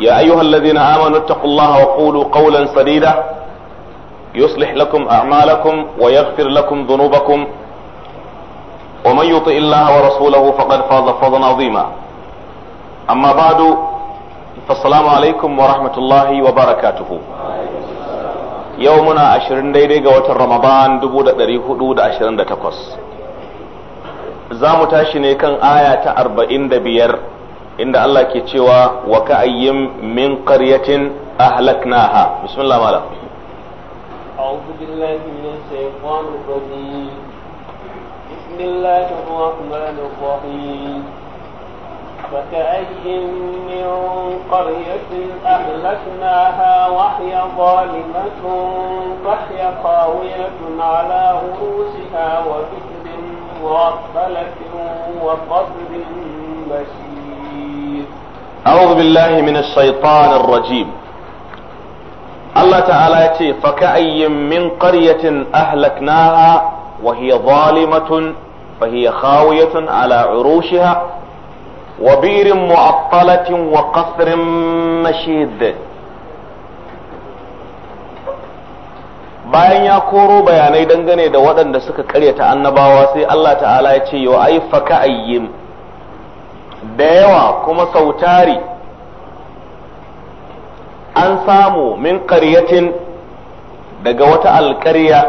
يا أيها الذين آمنوا اتقوا الله وقولوا قولا سديدا يصلح لكم أعمالكم ويغفر لكم ذنوبكم ومن يطئ الله ورسوله فقد فاز فوزا عظيما أما بعد فالسلام عليكم ورحمة الله وبركاته يومنا عشرين ديدي قوة رمضان دبودة دريه دودة عشرين دتكوس زامو تاشي كان آية أربعين دبير inda Allah ke cewa wa ka'ayyim min qaryatin ahlaknaha bismillah malam a'udhu billahi minash shaytanir rajim bismillahir rahmanir rahim فكأي من wa أهلكناها وهي ظالمة فهي wa على رؤوسها وبئر معطلة وقبر مشيد أعوذ بالله من الشيطان الرجيم الله تعالى يتي فكأي من قرية أهلكناها وهي ظالمة فهي خاوية على عروشها وبير معطلة وقصر مشيد bayan ya koro bayanai dangane da waɗanda suka karyata annabawa sai Allah ta'ala ya ce wa ai faka ayyim da yawa kuma sautari an samu min ƙaryatin daga wata alƙarya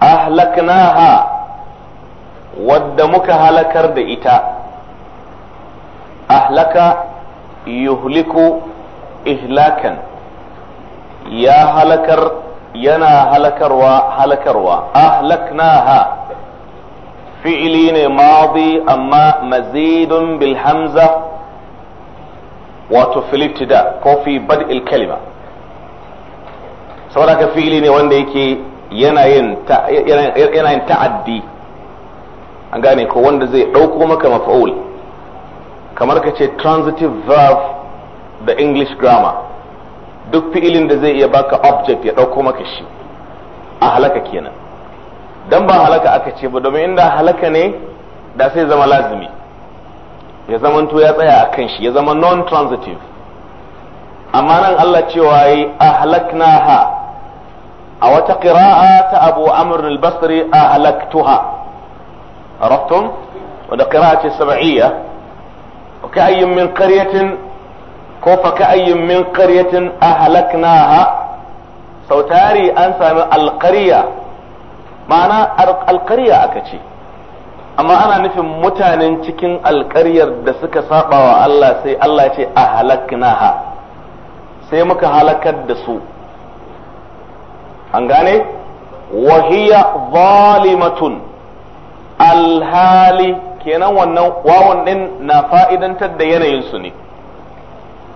ahlaknaha wadda muka halakar da ita ahlaka yuhliku ihlakan ya halakar yana halakarwa halakarwa ahlaknaha fi'ili ne maɗi amma mazidun bilhamza wato filitida ko fi bad'il kalima saboda ka fi'ili ne wanda yake yanayin ta'addi an gane ko wanda zai ɗauko maka maf'ul kamar ka ce transitive verb da english grammar duk fi'ilin da zai iya baka object ya ɗauko maka shi a halaka kenan dan ba halaka aka ce ba domin inda halaka ne da sai zama lazimi ya zama to ya tsaya a kan shi ya zama non transitive amma nan Allah cewa yi ahlaknaha a wata qira'a ta Abu Amr al-Basri ahlaktuha araftum wanda qira'a ce sab'iyya ko fa قرية كوفا كأي من قرية أهلكناها an sami القرية ma'ana alƙarya aka ce amma ana nufin mutanen cikin alƙaryar da suka saba wa Allah sai Allah ce a halaknaha sai muka halakar da su an gane wahiya zalimatun alhali kenan wannan wawan din na fa'idantar da yanayinsu ne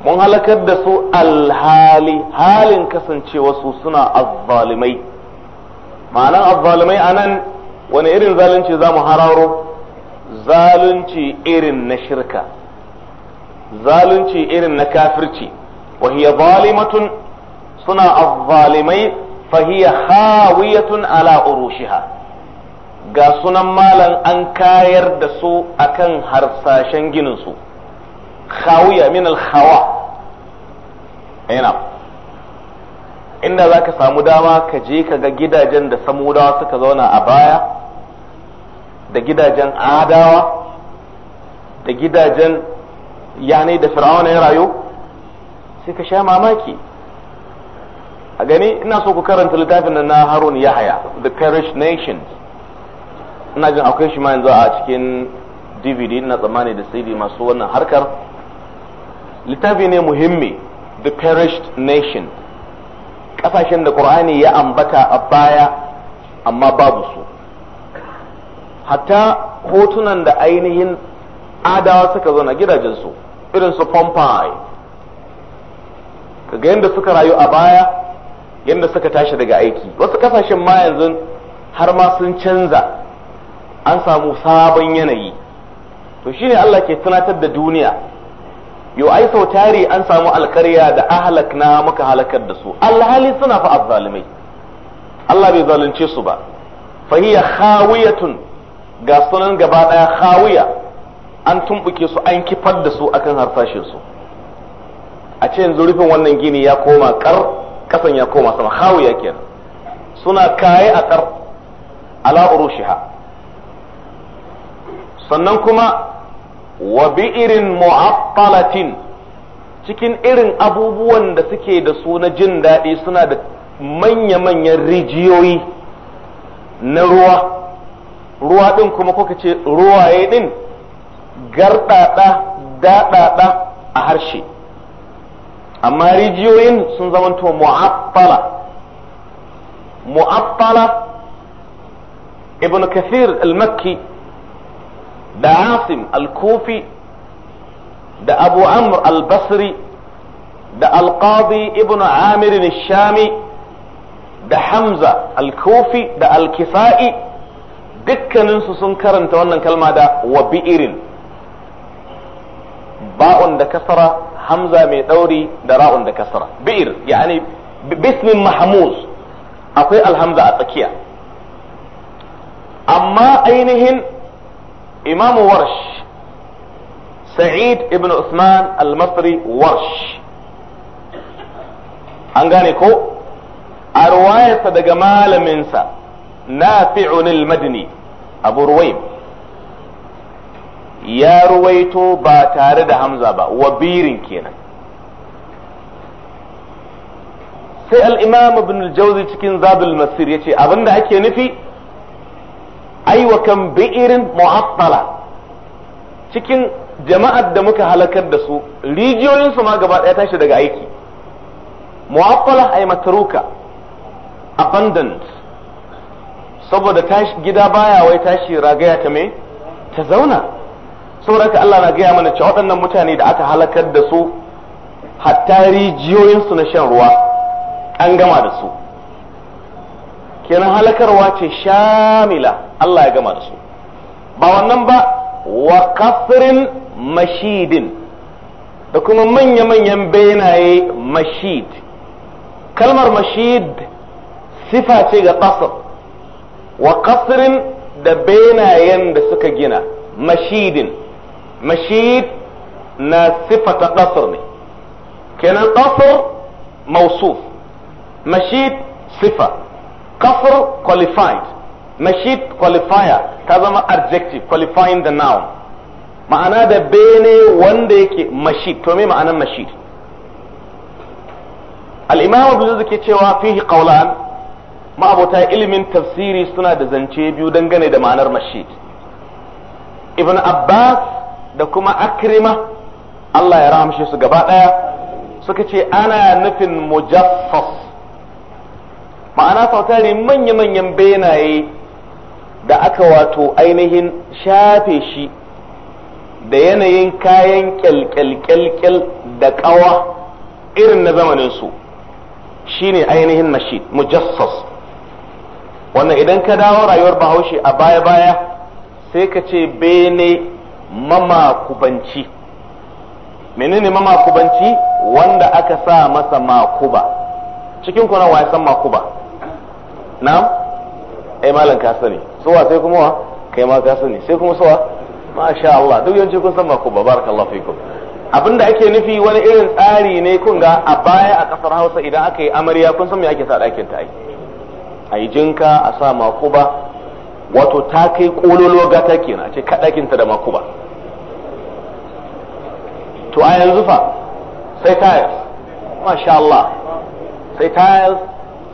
mun halakar da su alhali halin kasancewa su suna azzalimai ma'anan azzalumai a nan wani irin zalunci za mu hararo zalunci irin na shirka zalunci irin na kafirci wa hiya zalimatun suna azzalumai fa hawiyatun ala urushiha ga sunan malan an kayar da su akan harsashen ginin su hawiya min al hawa inda za ka samu dama ka je ka ga gidajen da samudawa suka zauna a baya da gidajen adawa da gidajen yanai da fir'auna ya rayu sai ka sha mamaki a gani ina so ku karanta littafin na harun yahaya the parish nations ina jin akwai shi ma yanzu a cikin dvd na tsammani da cd masu wannan harkar littafi ne muhimmi the perished nations kasashen da qur'ani ya ambata a baya amma babu su hatta hotunan da ainihin adawa suka gidajen gidajensu irin su pompeii kaga yadda suka rayu a baya yadda suka tashi daga aiki wasu kasashen ma yanzu har ma sun canza an samu sabon yanayi to shine Allah ke tunatar da duniya yo ai sau tari an samu alkarya da ahalak na muka halakar da su alhali suna fa azzalimai Allah bai zalunce su ba fahiya khawiyatun ga sunan gaba daya khawiya an tumbuke su an kifar da su akan harsashin su a ce yanzu rufin wannan gini ya koma kar kasan ya koma sama khawiya kenan suna kaye a kar ala urushiha sannan kuma wa bi'irin mu'attalatin cikin irin abubuwan da suke da su na jin daɗi suna da manya-manyan rijiyoyi na ruwa ruwa ɗin kuma kuka ce ruwaye ɗin garɗaɗa daɗaɗa a harshe amma rijiyoyin sun zamanto mu'attala mu'attala ibn kathir al-makki da Asim al-Kufi da Abu Amr al-Basri da Al-Qadi ibn Amir al-Shami da Hamza al-Kufi da al-Kisa'i dukkaninsu sun karanta wannan kalma da wa bi'irin ba'un da kasara hamza mai dauri da ra'un da kasara bi'ir yani bismin mahmuz akwai alhamza a tsakiya amma ainihin imamu warsh sa'id ibn usman Almasri masri warsh an gane ko a daga malaminsa nafi'un al-madini abu ruwaib ya ruwaito ba tare da hamza ba wabirin kenan sai al-imam ibn Jauzi cikin zadul masir ya yace abinda ake nufi aiwa kan bi'irin mu'attala cikin jama'ar da muka halakar da su rijiyoyinsu ma gaba ɗaya tashi daga aiki mu'attala ay matruka abundant saboda tashi gida baya wai tashi ragaya ta me ta zauna saboda Allah na gaya mana cewa waɗannan mutane da aka halakar da su hatta rijiyoyinsu na shan ruwa an gama da su kenan halakarwa ce shamila Allah ya gama da su ba wannan ba wa kafirin mashidin da kuma manya-manyan benaye mashid kalmar mashid sifa ce ga ƙasar wa kafirin da benayen da suka gina mashidin mashid na sifata ƙasar ne kenan ƙasar mausuf mashid sifa kafir qualified mashid qualifier ta zama adjective qualifying the noun ma'ana da bene wanda yake mashid to me ma'anan mashid al-imam abu ke cewa fihi qawlan ma'abota ilimin tafsiri suna da zance biyu dangane da ma'anar mashid ibn abbas da kuma akrima Allah ya rahamshe su gaba daya suka ce ana nufin mujaffas ma'ana sautari manya-manyan benaye da aka wato ainihin shafe shi da yanayin kayan kyalkyalkyalkyal da kawa irin na zamaninsu shine ainihin nashid mujassas wannan idan ka dawo rayuwar bahaushe a baya-baya sai ka ce bene mamakubanci menene mamakubanci wanda aka sa masa makuba cikin kuna wa san makuba na'am ai eh, malam ka sani suwa sai kuma wa kai ma ka sani sai kuma ma sha Allah duk yawanci kun san ma ku barakallahu fikum abinda ake nufi wani irin tsari ne kun ga a baya a kasar Hausa idan aka yi amarya kun san me ake sa ɗakin ta ai ai jinka a sa makuba wato ta kai kololo gata kenan a ce ka ɗakin ta da makuba to a yanzu fa sai tiles masha Allah sai tiles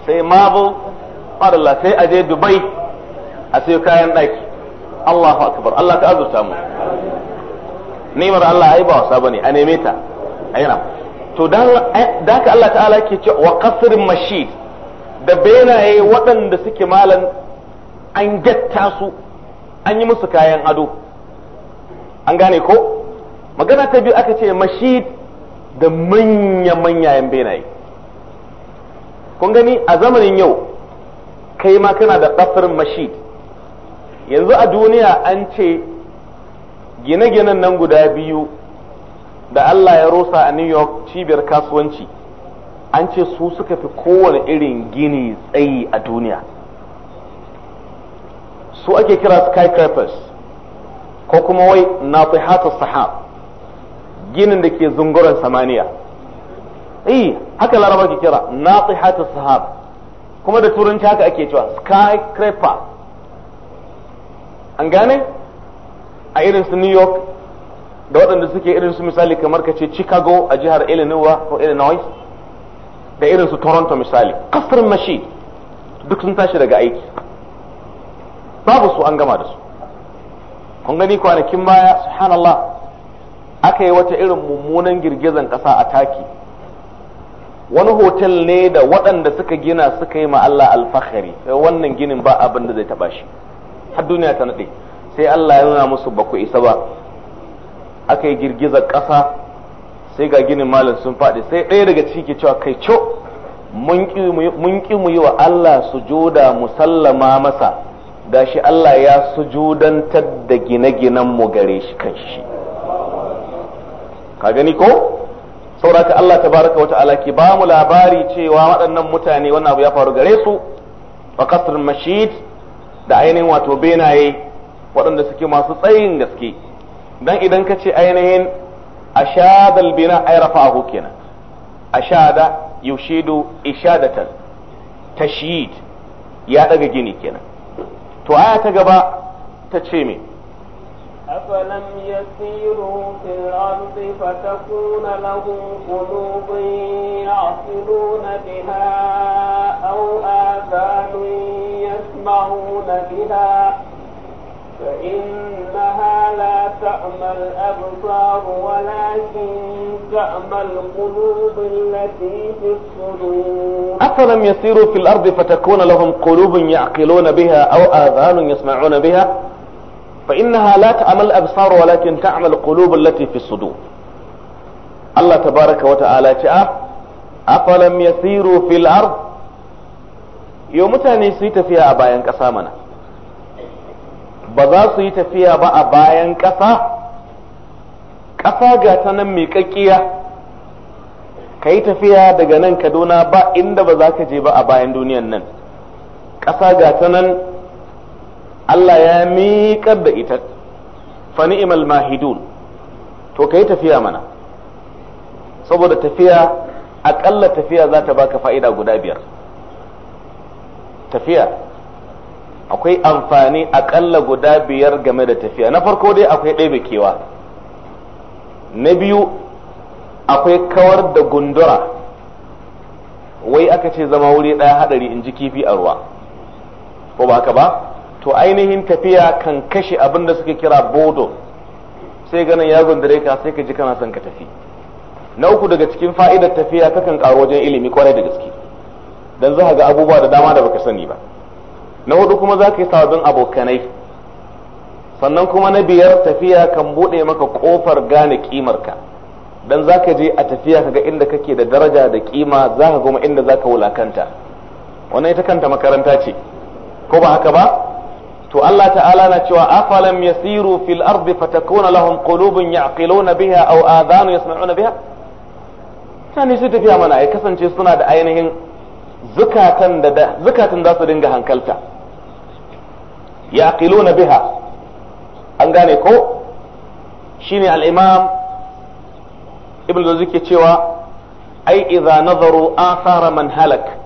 sai marble subhanallah sai aje dubai a sai kayan ɗaki allahu akbar allah ka azurta mu ni'mar allah ai ba wasa bane a neme ta ayyana to dan eh, ka allah ta'ala ke ce wa qasrin mashid da benaye waɗanda suke malan an getta su an yi musu kayan ado an gane ko magana ta biyu aka ce mashid da manya-manyayen benaye kun gani a zamanin yau kai ma kana da ɗafirin mashi yanzu a duniya an ce gine-ginen nan guda biyu da Allah ya rosa a New York cibiyar kasuwanci an ce su suka fi kowane irin gini tsayi a duniya su ake kira skycrapers ko kuma wai na sahab ginin da ke zunguran samaniya eh haka laraba ke kira na sahab kuma da turanci haka ake cewa skycraper an gane a irin su new york da waɗanda suke irin su misali kamar ka ce chicago a jihar illinois ko illinois da irin su toronto misali kasar mashi duk sun tashi daga aiki babu su an gama da su kun gani kwanakin baya subhanallah aka yi wata irin mummunan girgizan ƙasa a taki wani hotel ne da waɗanda suka gina suka yi ma Allah alfahari eh, wannan ginin ba abin da zai taba shi har duniya ta naɗe. sai Allah ya nuna musu ba ku isa ba aka yi girgizar ƙasa sai ga ginin malam sun faɗi sai ɗaya daga ciki cewa kai co mun ƙi mu yi wa Allah su sujuda musallama masa Da shi Allah ya su sujudantar da gine-ginen mu gare shi kan shi ka gani ko sauraka Allah ta baraka wata alaki ba mu labari cewa waɗannan mutane wannan abu ya faru gare su a ƙasar mashid da ainihin wato benaye waɗanda suke masu tsayin gaske don idan ka ce ainihin a ashada albina ay rafa'ahu kenan da yushidu ishadatan tashid ya ɗaga gini kenan to aya ta gaba ta ce me أفلم يسيروا في الأرض فتكون لهم قلوب يعقلون بها أو آذان يسمعون بها فإنها لا تأمى الأبصار ولكن تأمى القلوب التي في الصدور أفلم يسيروا في الأرض فتكون لهم قلوب يعقلون بها أو آذان يسمعون بها fa innaha la ta'mal absar walakin ta'mal kulobin allati fi sudur Allah tabaraka wa ta'ala ce a afalam yasiru fil ard yo mutane suyi tafiya a bayan ƙasa mana ba za su yi tafiya ba a bayan ƙasa ƙasa ga nan miƙaƙƙiya ka yi tafiya daga nan kaduna ba inda ba za ka je ba a bayan duniyan nan ƙasa ga nan Allah ya miƙar da ita Fani imal mahidun to kai tafiya mana saboda tafiya aƙalla tafiya za ta baka fa'ida guda biyar tafiya akwai amfani aƙalla guda biyar game da tafiya na farko dai akwai ɗebe kewa na biyu akwai kawar da gundura wai aka ce zama wuri ɗaya haɗari in ji kifi a ruwa ko ba haka ba to ainihin tafiya kan kashe abin da suke kira bodo sai ganin ya gundare ka sai ka ji kana son ka tafi na uku daga cikin fa'idar tafiya kakan karo wajen ilimi kwarai da gaske dan za ga abubuwa da dama da baka sani ba na hudu kuma za ka yi sababbin abokanai sannan kuma na biyar tafiya kan bude maka kofar gane ka dan za ka je a tafiya ka ga inda kake da daraja da kima za ka kuma inda za ka wulakanta wannan ita kanta makaranta ce ko ba haka ba to Allah ta'ala na cewa afalam yasiru fil ardi fatakuna lahum qulubun ya'qiluna biha aw adhanu yasma'una biha tani su tafiya mana ai kasance suna da ainihin zukatan da zukatan za su dinga hankalta ya'qiluna biha an gane ko shine al-imam ibn Jawzi ke cewa ai idza nazaru athara man halak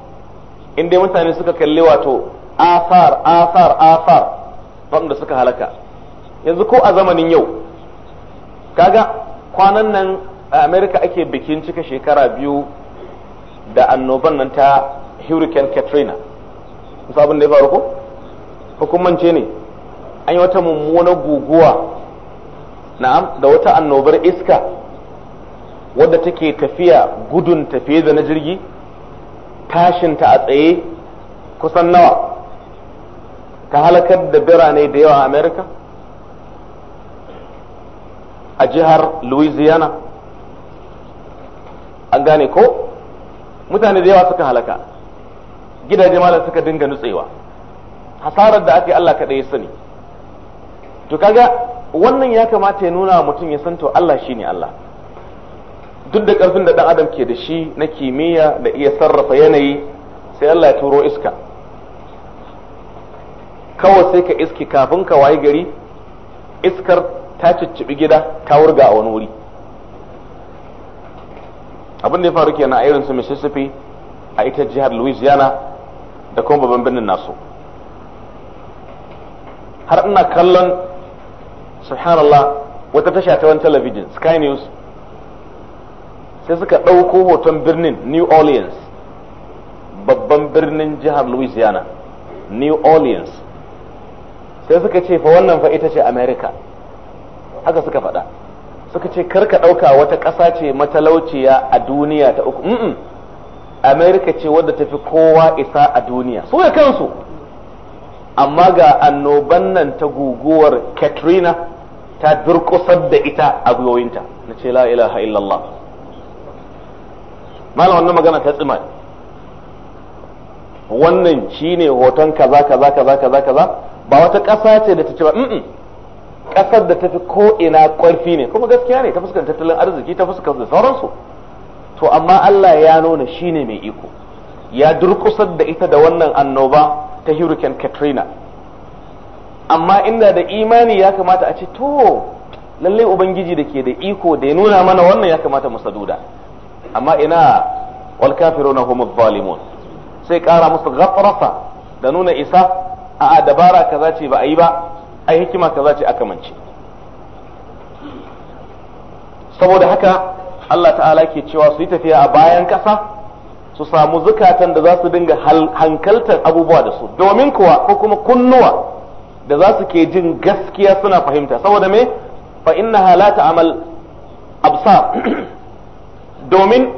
in mutane suka kalli wato athar athar athar waɗanda suka halaka yanzu ko a zamanin yau kaga kwanan nan a america ake bikin cika shekara biyu da annoban nan ta hurricane katrina musa abin da ya faru ko hukumance ne an yi wata mummunar guguwa na'am da wata annobar iska wadda take tafiya gudun tafiye da na jirgi tashinta a tsaye kusan nawa ka halakar da birane da yawa a america a jihar louisiana an gane ko mutane da yawa suka halaka gidaje malam suka dinga nutsewa hasarar da aka yi allah kaɗai ya sani to kaga wannan ya kamata ya nuna mutum ya san to allah shine allah duk da ƙarfin da ɗan adam ke da shi na kimiyya da iya sarrafa yanayi sai allah ya turo iska kawai sai ka iski kafin ka waye gari iskar ta ciccibi gida ta wurga a wani wuri abin da ya faru kenan a irin su Mississippi a ita jihar Louisiana da kuma babban birnin nasu har ina kallon subhanallah wata tasha ta wani talabijin Sky News sai suka ɗauko hoton birnin New Orleans babban birnin jihar Louisiana New Orleans sai suka ce fa wannan fa ita ce america haka suka faɗa suka ce karka ɗauka wata ƙasa ce matalauciya a duniya ta uku mm america ce wadda tafi kowa isa a duniya su da kansu amma ga annoban nan ta guguwar katrina ta durƙusar da ita a gwiwoyinta na ce la ilaha illallah mana wannan magana ta tsima wannan shine hoton kaza kaza kaza kaza kaza ba wata ƙasa ce da ta ce ba ƙasar da ta fi ko'ina ƙwarfi ne kuma gaskiya ne ta fuskar tattalin arziki ta fuskar da sauransu to amma Allah ya nuna shi ne mai iko ya durƙusar da ita da wannan annoba ta hurricane Katrina amma inda da imani ya kamata a ce to lallai ubangiji da ke da iko da ya nuna mana wannan ya kamata mu saduda amma ina wal kafiruna hum zalimun sai kara musu gafarasa da nuna isa a'a dabara kaza ce ba a yi ba ai hikima kaza ce aka mance saboda haka Allah ta'ala ke cewa su yi tafiya a bayan kasa su samu zukatan da za su dinga hankaltar abubuwa da su domin kuwa ko kuma kunnuwa da za su ke jin gaskiya suna fahimta saboda me fa inna la ta'amal ab'sa, domin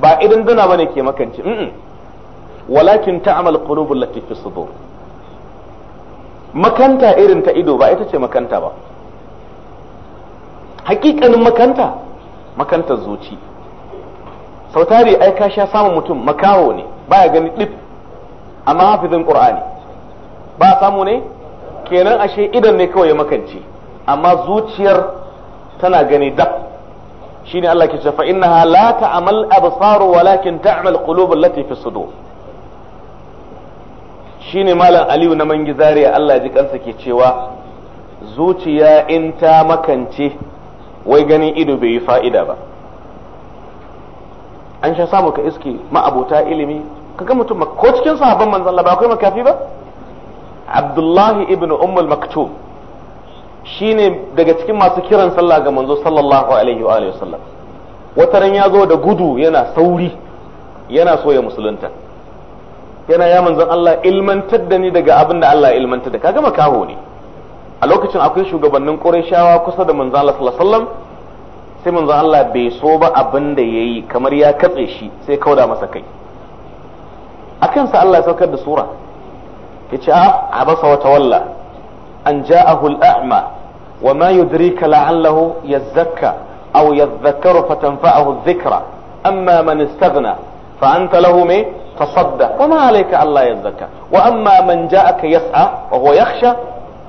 ba idan duna bane ke makance walakin ta'amal qulubul lati fi sudur makanta irin ta ido ba ita ce makanta ba hakikanin makanta makantar zuci sau tari ai ka sha samun mutum makaho ne ba ya gani dip amma hafizin qur'ani ba samu ne kenan ashe idan ne kawai ya makance amma zuciyar tana gani dab shine Allah ke cewa fa innaha la ta'mal absaru walakin ta'mal qulubul lati fi sudur shine malam aliyu na mangi zariya Allah ji kansa ke cewa zuciya in ta makance wai ganin ido bai yi fa'ida ba an sha samu ka iske ma'abuta ilimi kaga mutum ko cikin sahabban manzala ba akwai makafi ba Abdullahi ibn Ummul Maktum shine daga cikin masu kiran sallah ga manzo sallallahu alaihi wa sallam wataran ya zo da gudu yana sauri yana soya musulunta yana ya manzon Allah ilmantar da ni daga abin da Allah ilmantar da kaga makaho ne a lokacin akwai shugabannin Qurayshawa kusa da manzon Allah sallallahu alaihi wasallam sai manzon Allah bai so ba abin da yayi kamar ya katse shi sai kauda masa kai akan sa Allah ya saukar da sura yace a ah, abasa wa tawalla an ja'ahu al-a'ma wa ma yudrika la'allahu yazzakka aw yadhakkaru fatanfa'ahu adh-dhikra amma man istaghna fa anta lahu me tasadda wa ma alayka Allah yazakka wa amma man ja'aka yas'a wa huwa yakhsha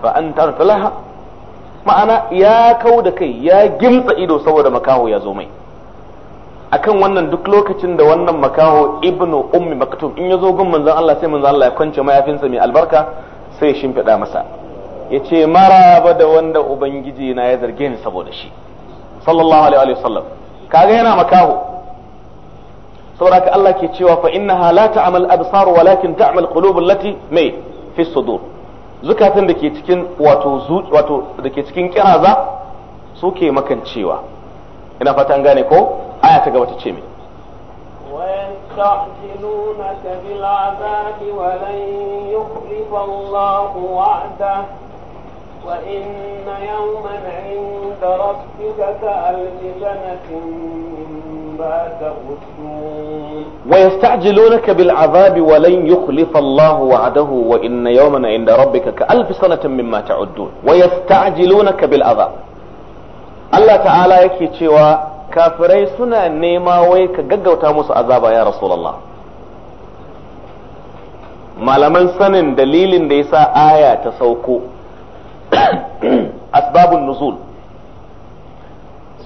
fa anta laha ma'ana ya kau da kai ya gimtsa ido saboda makaho ya zo mai akan wannan duk lokacin da wannan makaho ibnu ummi maktum in ya zo gun manzon Allah sai manzon Allah ya kwance mayafinsa mai albarka sai ya shimfiɗa masa ya ce maraba da wanda ubangiji na ya zarge ni saboda shi sallallahu alaihi wa sallam kaga yana makaho saboda Allah ke cewa fa innaha la ta'mal absar walakin ta'mal qulub allati mai fi sudur zukatan da ke cikin wato wato da ke cikin kiraza su suke makancewa ina fata an gane ko aya ta gaba ta ce me وإن يوما عند ربك كألف سنة بما تغشون ويستعجلونك بالعذاب ولن يخلف الله وعده وإن يوما عند ربك كألف سنة مما تعدون ويستعجلونك بالعذاب الله تعالى يكي تشوى كافري سنة نيما ويك ققوتا موسى عذابا يا رسول الله malaman sanin dalilin da yasa aya ta sauko asbabun nuzul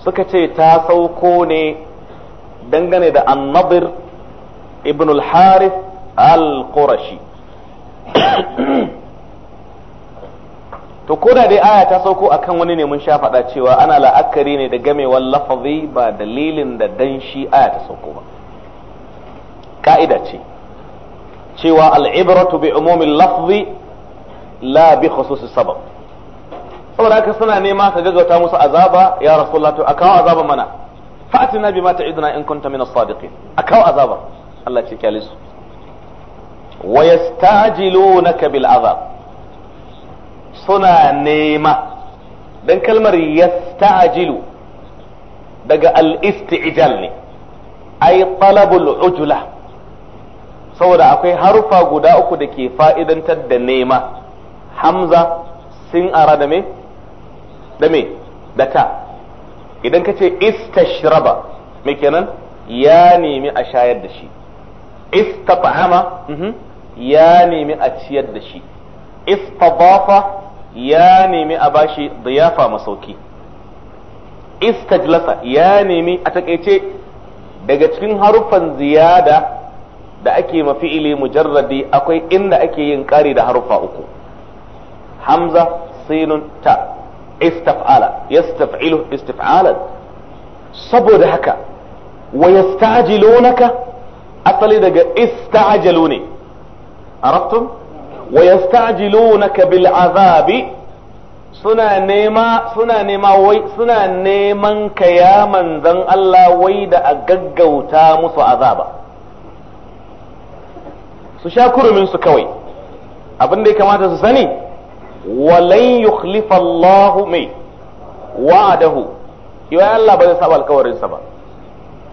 suka ce ta sauko ne dangane da annabir ibn al-harith al-qurashi to ko da dai aya ta sauko akan wani ne mun sha faɗa cewa ana la'akari ne da gamewar lafazi ba dalilin da danshi aya ta sauko ba ka'ida ce cewa al'ibratu bi umumin lafzi la bi khususi sabab saboda haka suna nema ka gaggauta musu azaba ya rasulullah to a azaba mana fa'atina bima ta'iduna in kunta min as-sadiqin akaw azaba Allah ce kyale su wa yastajilunaka bil azab suna nema dan kalmar yastajilu daga al-istijal ne ay talabul ujla saboda akwai haruffa guda uku da ke fa'idantar da nema hamza sin ara da me da da ta idan ka ce istashraba me kenan ya nemi a shayar da shi istafahama mhm, ya nemi a ciyar da shi istadafa ya nemi a bashi diyafa masauki istajlasa ya nemi a takaice daga cikin haruffan ziyada da ake mafi'ili mujarradi akwai inda ake yin ƙari da haruffa uku hamza sinun ta istaf'ala yastaf'ilu istif'alan saboda haka wa yasta'jilunaka asali daga ista'jalu ne arabtum wa yasta'jilunaka bil azabi suna nema suna nema wai suna neman ka ya manzon Allah wai da a gaggauta musu azaba su sha kurumin su kawai abin da ya kamata su sani walan yukhlifa Allah mai a yau Allah ba zai saba alkawarinsa ba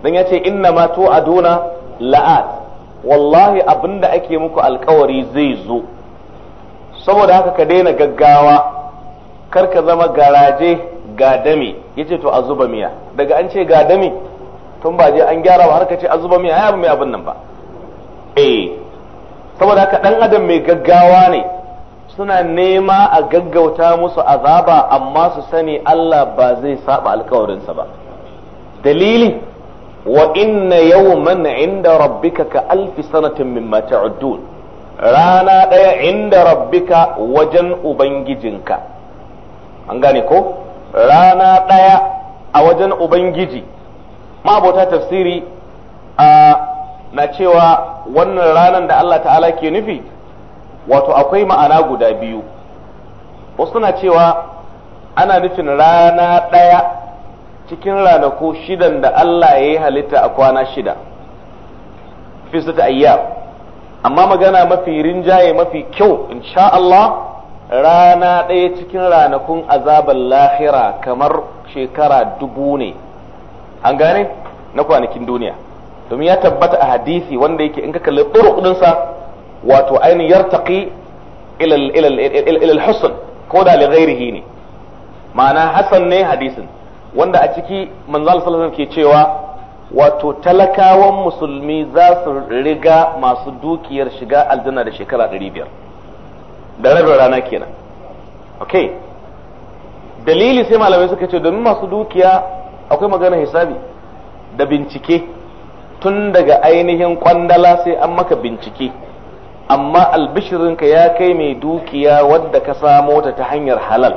dan ya ce mato a tu'aduna la'ad, wallahi abinda ake muku alkawari zai zo saboda haka ka daina gaggawa kar ka zama garaje ga dami ce to a zuba miya daga an ce ga dami tun ba je an gyara ba har ka ce a zuba miya ya abin nan ba eh saboda haka dan adam mai gaggawa ne suna nema a gaggauta musu azaba amma su sani Allah ba zai saba alkawarinsa ba dalili wa inna yawman inda rabbika ka alfi sanatin mimma ta'uddun rana daya inda rabbika wajen ubangijinka an gane ko rana daya a wajen ubangiji mabota tafsiri a na cewa wannan ranar da Allah ta'ala ke nufi wato akwai ma'ana guda biyu wasu na cewa ana nufin rana ɗaya cikin ranaku shidan da Allah ya yi halitta a kwana shida fi su amma magana mafi rinjaye mafi kyau insha Allah rana ɗaya cikin ranakun azabar lahira kamar shekara dubu ne an gane na kwanakin duniya domin ya tabbata a hadisi wanda yake in ka kalli ɗoro ɗinsa wato ainihin taƙi ilal husn ko da li ghairihi ne ma'ana hasan ne hadisin wanda a ciki manzo sallallahu alaihi ke cewa wato talakawan musulmi za su riga masu dukiyar shiga aljanna da shekara 500 da rabin rana kenan okay dalili sai malamai suka ce domin masu dukiya akwai magana hisabi da bincike tun daga ainihin kwandala sai an maka bincike amma albishirinka ya kai mai dukiya wadda ka samo ta ta hanyar halal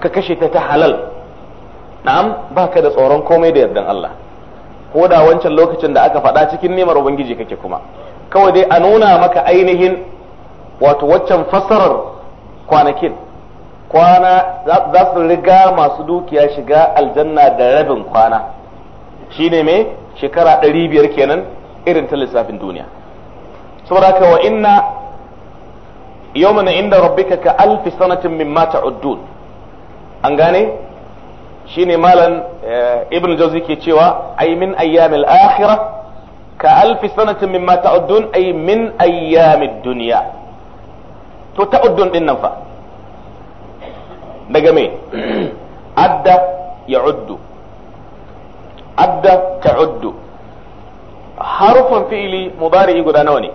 ka kashe ta ta halal na'am baka da tsoron komai da yardan Allah ko da wancan lokacin da aka faɗa cikin nemar ubangiji kake kuma kawai dai a nuna maka ainihin wato waccan fassarar kwanakin kwana za su riga masu dukiya shiga aljanna da rabin kwana shine me shekara 500 kenan irin ta lissafin duniya saboda ka wa inna yawman inda rabbika ka alfi sanatin mimma ta'uddun an gane shine malam eh, ibn jawzi ke cewa ay min ayyamil akhirah ka alfi sanatin mimma ta'uddun ay min ayyamid dunya to ta'uddun din nan fa daga me adda ya'uddu adda ta'uddu harufan fi'ili mudari guda nawa ne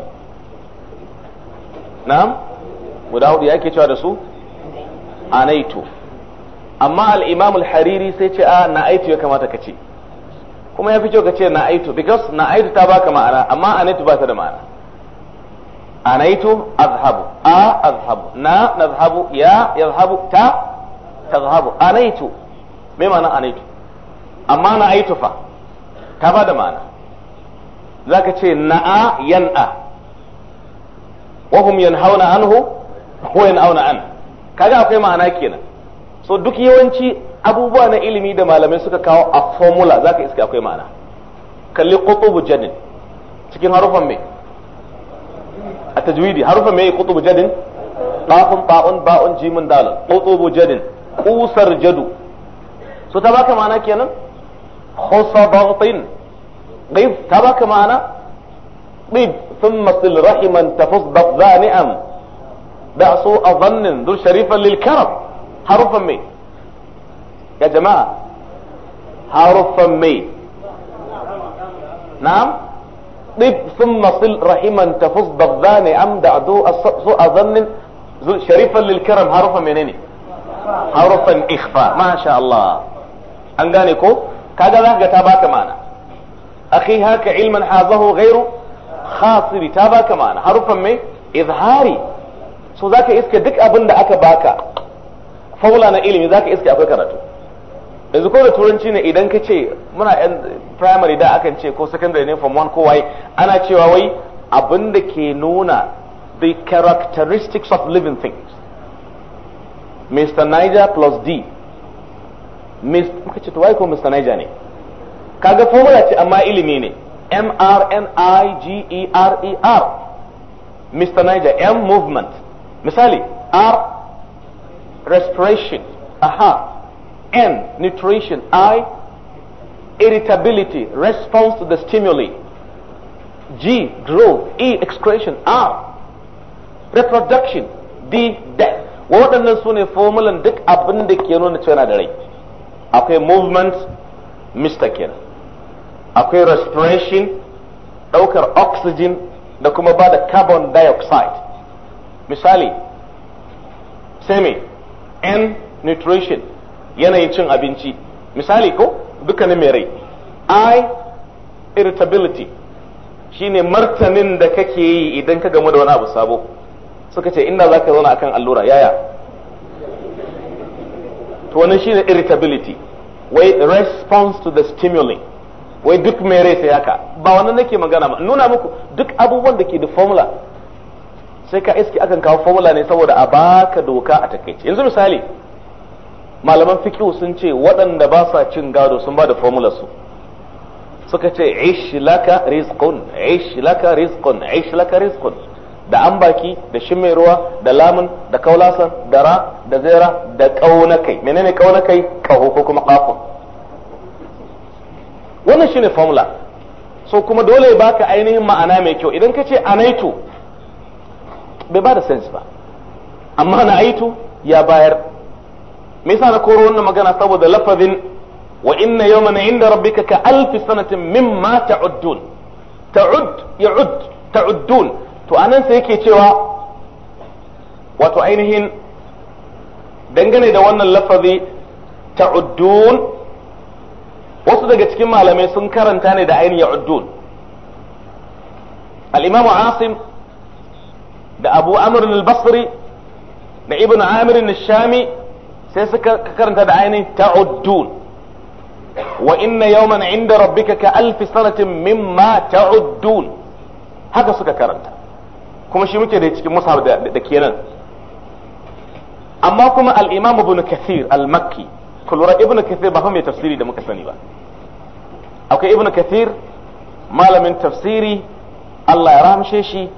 na'am guda hudu yake cewa da su anaitu amma al-imam al-hariri sai ce a na'aitu ya kamata ka ce kuma ya fi kyau ka ce na'aitu because na'aitu ta baka ma'ana amma anaitu ba ta da ma'ana anaitu azhabu a azhabu na nazhabu ya yazhabu ta tazhabu anaitu me ma'ana anaitu amma na'aitu fa ta ba da ma'ana zaka ce na'a yan'a wa yanhauna anhu ko yanauna an kaga akwai ma'ana kenan so duk yawanci abubuwa na ilimi da malamai suka kawo a formula zaka iska akwai ma'ana kalli qutubu jadin cikin harufan me a tajwidi harufan me qutubu jadin qafun ba'un ba'un jimin dalal qutubu jadin qusar jadu so ta baka ma'ana kenan khusabatin غيظ ta baka ma'ana طيب ثم صل رحما تفض ذا نئم دع سوء ظن ذو شريفا للكرم حرفا مي يا جماعة حرفا مي نعم طيب ثم صل رحما تفض ذا نئم دع سوء ظن ذو شريفا للكرم حرفا منين حرفا إخفاء ما شاء الله أنقاني كو كذا ذا قتابات معنا أخي هاك علما حاضه غيره khasiri ta baka ma'ana harufan mai izhari so za ka iske duk abin da aka baka faula na ilimi za ka iske akwai karatu yanzu ko da turanci ne idan ka ce muna yan primary da akan ce ko secondary ne from one ko waye ana cewa wai abin da ke nuna the characteristics of living things Mr. Niger plus D Mr. ce to wai ko Mr. Niger ne kaga formula ce amma ilimi ne M R N I G E R E R. Mr. Niger, M movement. Misali, R respiration. Aha. N nutrition. I irritability, response to the stimuli. G growth. E excretion. R reproduction. D death. waɗannan su ne formulan duk abin da ke nuna cewa da rai akwai movement mr kenan akwai respiration ɗaukar oxygen da kuma ba da carbon dioxide misali sai n nutrition yanayin cin abinci misali ko dukkanin mai rai i irritability shine martanin da kake yi idan ka gamu da wani abu sabo suka ce inda za ka zauna akan allura yaya to wannan shine irritability wai response to the stimuli wai duk mai rai sai haka ba wannan nake magana ba nuna muku duk abubuwan da ke da formula sai ka iski akan kawo formula ne saboda a baka doka a takaice yanzu misali malaman fiqh sun ce waɗanda ba sa cin gado sun ba da formula su suka ce ish laka rizqun ish laka rizqun ish laka rizqun da ambaki da shimme ruwa da lamun da kaulasan da ra da zaira da kaunakai menene kaunakai kaho ko kuma kafin wannan shine formula so kuma dole ya baka ainihin ma'ana mai kyau idan ka ce anaitu bai ba da sense ba amma na aitu ya bayar me yasa na koro wannan magana saboda lafazin wa inna yawman inda rabbika ka alfi sanatin mimma ta'uddun ta'ud ya'ud ta'uddun to anan sai yake cewa wato ainihin dangane da wannan lafazi ta'uddun wasu daga cikin malamai sun karanta ne da ainihin uddun al-imamu asim da abu amr al-basri da ibn amir al-shami sai suka karanta da ainihin ta'uddun wa inna yawman inda rabbika ka alfi sanatin mimma ta'uddun haka suka karanta kuma shi muke da cikin musab da kenan amma kuma al-imam ibn kathir al-makki ka lura ibnu kathir ba fa mai tafsiri da muka sani ba akwai ibnu kathir malamin tafsiri Allah ya ramshe shi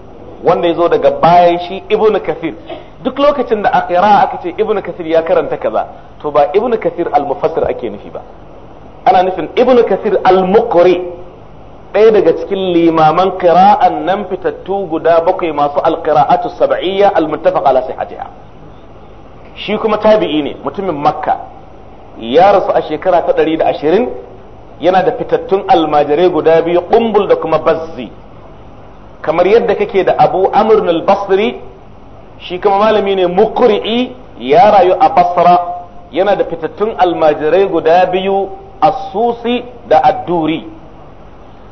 wanda ya zo daga bayan shi ibnu kathir duk lokacin da aqira aka ce ibnu kathir ya karanta kaza to ba ibnu kathir al-mufassir ake nufi ba ana nufin ibnu kathir al-muqri ɗaya daga cikin limaman qira'an nan fitattu guda bakwai masu al-qira'atu sab'iyya al-muttafaq ala sihhatiha shi kuma tabi'i ne mutumin makka ya rasu a shekara ta ɗari da ashirin yana da fitattun almajirai guda biyu ƙumbul da kuma bazzi kamar yadda kake da abu amr basri shi kuma malami ne mukri'i ya rayu a basra yana da fitattun almajirai guda biyu a asusi da adduri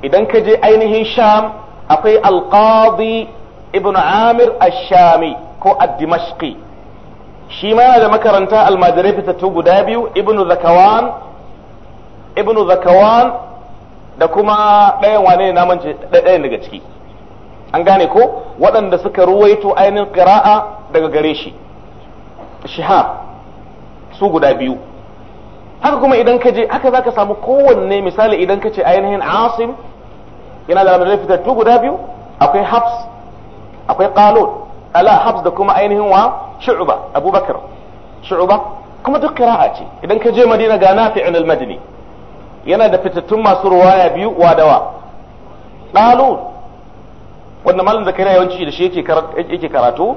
idan ka je ainihin sham akwai alqadi ibn amir ash-shami ko a dimashqi shi ma yana da makaranta almajirai fitattu guda biyu ibnu zakawan ibnu zakawan da kuma ɗayan wane na mance ɗayan daga ciki an gane ko waɗanda suka ruwaito ainihin qira'a daga gare shi shihab su guda biyu haka kuma idan ka je haka zaka samu kowanne misali idan ka ce ainihin asim yana da almajirai fitattu guda biyu akwai habs akwai qalon ala habs da kuma ainihin wa shu'ba Abu Bakr kuma duk qira'a ce idan ka je Madina ga Nafi'un al yana da fitattun masu ruwaya biyu wa dawa Qalun wanda malam Zakariya yawanci da shi yake karatu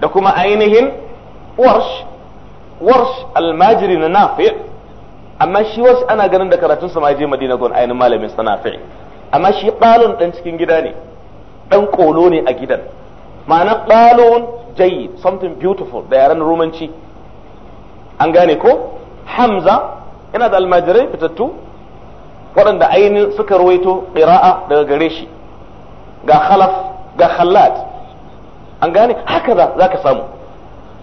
da kuma ainihin Warsh Warsh al na Nafi' amma shi Warsh ana ganin da karatun sa ma je Madina gon ainihin malamin sa Nafi' amma shi Qalun dan cikin gida ne dan kolo ne a gidan ma'ana ɗalon jayyid something beautiful da yaren romanci an gane ko hamza yana da almajirai fitattu waɗanda ainihin suka ruwaito ƙira'a daga gare shi ga khalaf ga khallat an gane haka za ka samu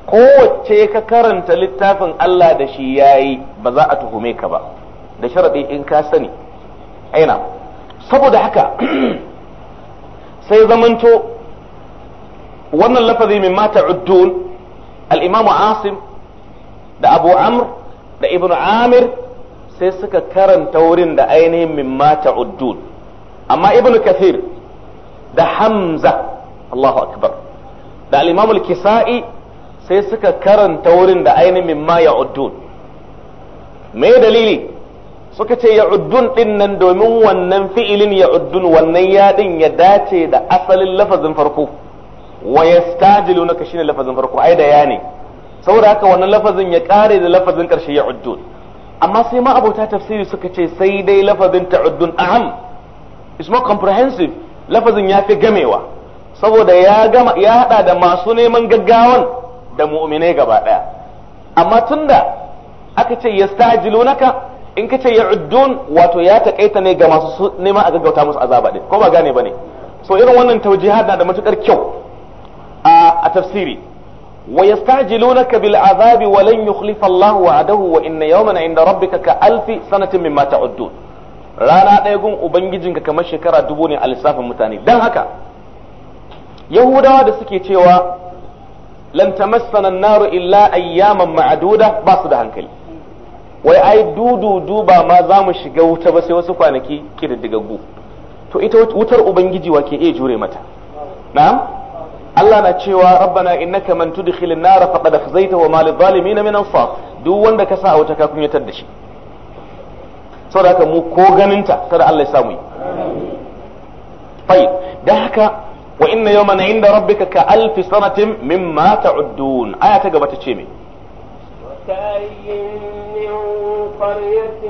kowace ka karanta littafin Allah da shi yayi ba za a tuhume ka ba da sharaɗi in ka sani aina saboda haka sai zamanto wannan lafazi min mata uddun al-imamu asim da abu amr da ibnu amir sai suka karanta wurin da ainihin min mata uddun amma ibnu kathir da hamza Allahu akbar da al-imamu al-kisa'i sai suka karanta wurin da ainihin min ma ya uddun me dalili suka ce ya uddun din nan domin wannan fi'ilin ya uddun wannan yadin ya dace da asalin lafazin farko wa yastajilunaka shine lafazin farko ai da ya ne saboda haka wannan lafazin ya kare da lafazin karshe ya uddun amma sai ma abota tafsiri suka ce sai dai lafazin uddun aham is more comprehensive lafazin ya fi gamewa saboda ya gama ya hada da masu neman gaggawan da mu'minai gaba daya amma tunda aka ce yastajilunaka in ka ce ya uddun wato ya takaita ne ga masu neman a gaggauta musu azaba din ko ba gane bane so irin wannan tawjihat na da matukar kyau a tafsiri wa yastajilunaka bil azabi wa lan yukhlifa Allahu wa'adahu wa inna yawman 'inda rabbika ka alfi sanatin mimma ta'uddun rana ɗaya gun ubangijinka kamar shekara dubu ne a lissafin mutane dan haka yahudawa da suke cewa lan tamassana an-naru illa ayyaman ma'duda ba su da hankali wai ai dudu duba ma za mu shiga wuta ba sai wasu kwanaki kididdigaggu to ita wutar ubangiji wa ke iya jure mata na'am Allah na cewa rabbana innaka man tudkhilin nar faqad akhzayta wa mal zalimin min ansar duk wanda ka sa a wuta ka kunyatar da shi saboda haka mu ko ganinta kada Allah ya samu yi tayyib da haka wa inna yawman inda rabbika ka alfi sanatin mimma ta'uddun aya ta gaba ta ce me كأي من قرية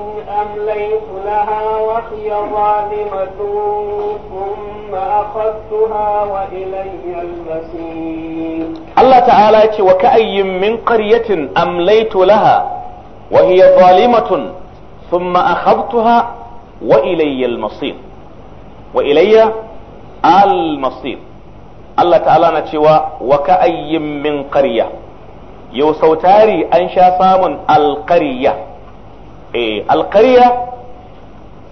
أمليت لها وهي ظالمة ثم أخذتها وإلي المسير الله تعالى وكأي من قرية أمليت لها وهي ظالمة ثم أخذتها وإلي المصير وإلي المصير الله تعالى نتشوى وكأي من قرية yau sautari an sha samun alƙariya eh alƙariya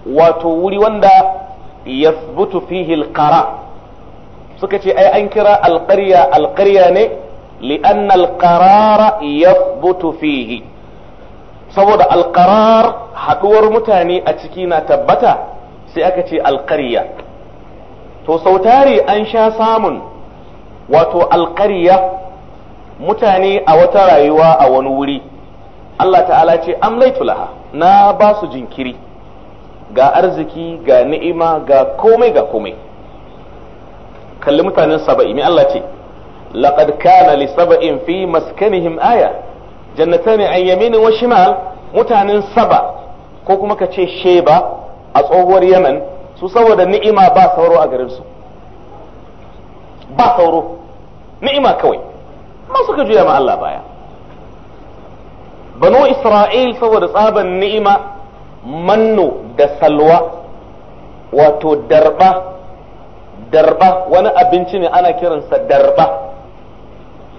wato wuri wanda yasbutu fihi alqara suka ce ai an kira alƙariya alƙariya ne li'anna alqarara yasbutu fihi saboda alqarar haduwar mutane a ciki na tabbata sai aka ce alƙariya to sautari an sha samun wato alƙariya mutane a wata rayuwa a wani wuri Allah ta'ala ce amlaitu laha na ba su jinkiri ga arziki ga ni'ima ga komai ga komai kalli mutanen saba'i mai Allah ce laqad kana li saba'in fi maskanihim aya jannatani an yaminin wa shimal mutanen saba ko kuma ka ce sheba a tsohuwar yaman su saboda ni'ima ba sauro a garinsu ba sauro ni'ima kawai ma suka juya ma Allah baya banu isra'il saboda tsaban ni'ima manno da salwa wato darba darba wani abinci ne ana kiransa darba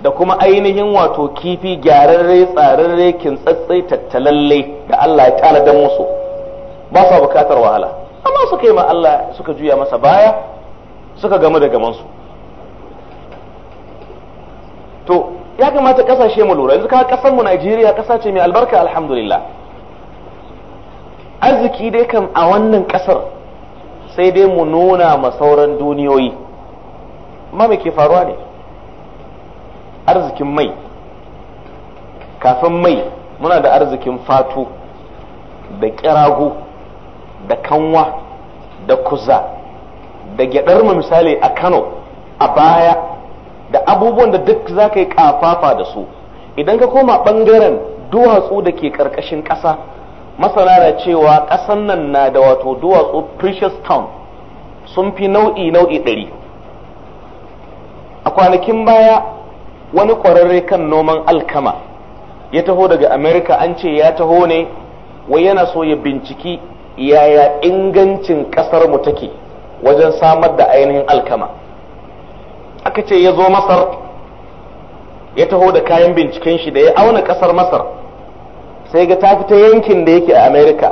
da kuma ainihin wato kifi gyararre tsararre kintsatse tattalalle da Allah ya da musu ba su bukatar wahala amma suka yi ma Allah suka juya masa baya suka gamu da gamansu to ya kamata kasashe mu lura yanzu ka kasar mu Najeriya kasa ce mai albarka alhamdulillah arziki dai kam a wannan kasar sai dai mu nuna ma sauran duniyoyi ma me ke faruwa ne arzikin mai kafin mai muna da arzikin fatu da kirago da kanwa da kuza da gyadar mu misali a Kano a baya da abubuwan da duk za ka yi kafafa da su idan ka koma ɓangaren duwatsu da ke ƙarƙashin ƙasa masana da cewa ƙasan nan na da wato duwatsu precious town sun fi nau'i nau'i ɗari a kwanakin baya wani ƙwararre kan noman alkama ya taho daga america an ce ya taho ne wai yana so ya binciki yaya ingancin ƙasar mu take wajen samar da ainihin alkama aka ce ya zo masar ya taho da kayan binciken shi da ya auna kasar masar sai ga ta fita yankin da yake a amerika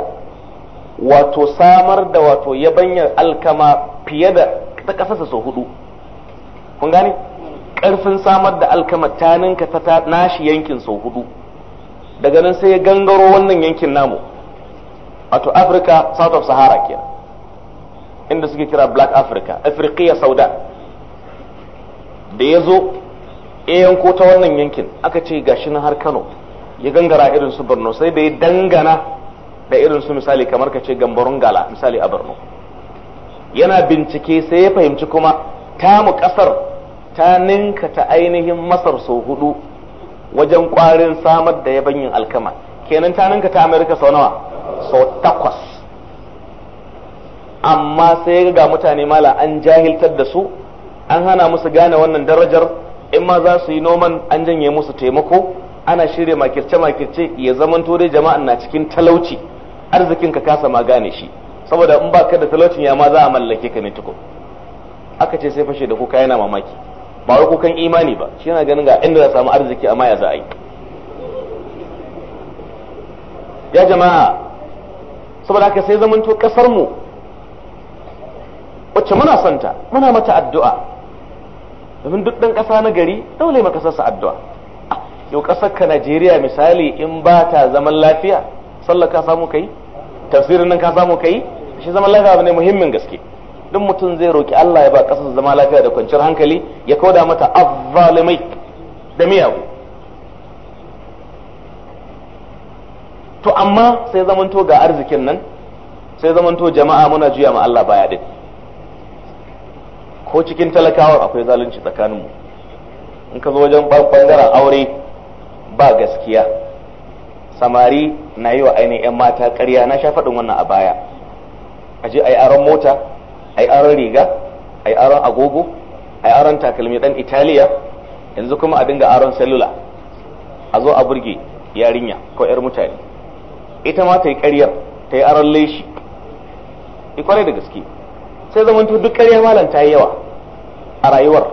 wato samar da wato yabanyar alkama fiye da ta kasarsa sau hudu kun gani karfin samar da alkama ta ninka ta nashi yankin sau hudu daga nan sai ya gangaro wannan yankin namu wato afirka south of sahara kenan inda suke kira black africa afirkiya sauda da ya zo ya yanko ta wannan yankin aka ce gashi na har kano ya gangara irin su borno sai da ya dangana da irin su misali kamar ka ce gambarun gala misali a borno yana bincike sai ya fahimci kuma ta mu kasar ta ninka ta ainihin masar sau hudu wajen kwarin samar da yabanyin alkama kenan ta ninka ta amerika sau nawa sau takwas amma sai ga mutane mala an jahiltar da su an hana musu gane wannan darajar in ma za su yi noman an janye musu taimako ana shirya makirce makirce ya zaman dai jama'an na cikin talauci arzikin ka kasa ma gane shi saboda in ba ka da talaucin ya ma za a mallake ka ne tuko aka ce sai fashe da kuka yana mamaki ba wai kukan imani ba shi yana ganin ga inda za samu arziki amma ya za a yi ya jama'a saboda haka sai zamanto kasar mu wacce muna santa muna mata addu'a domin duk ɗan ƙasa na gari dole ma ƙasarsa addu'a ah, yau ƙasar ka Najeriya misali in ba ta zaman lafiya sallar ka samu kai tafsirin nan ka samu kai shi zaman lafiya ne muhimmin gaske duk mutum zai roki Allah ya ba ƙasar zama lafiya da kwanciyar hankali ya kauda mata azzalimai da miyagu to amma sai zamanto ga arzikin nan sai zamanto jama'a muna juya ma Allah baya din ko cikin talakawar akwai zalunci tsakaninmu in ka zo wajen bangaren aure ba gaskiya samari na yi wa ainihin 'yan mata karya na sha faɗin wannan a baya a je a yi aron mota a yi aron riga a yi aron agogo a yi aron takalmi ɗan italiya yanzu kuma a dinga aron salula a zo a burge yarinya ko 'yar mutane ita ma ta yi karyar ta yi aron leshi kwarai eh, da gaske sai zamanto duk karyar malam ta yi yawa a rayuwar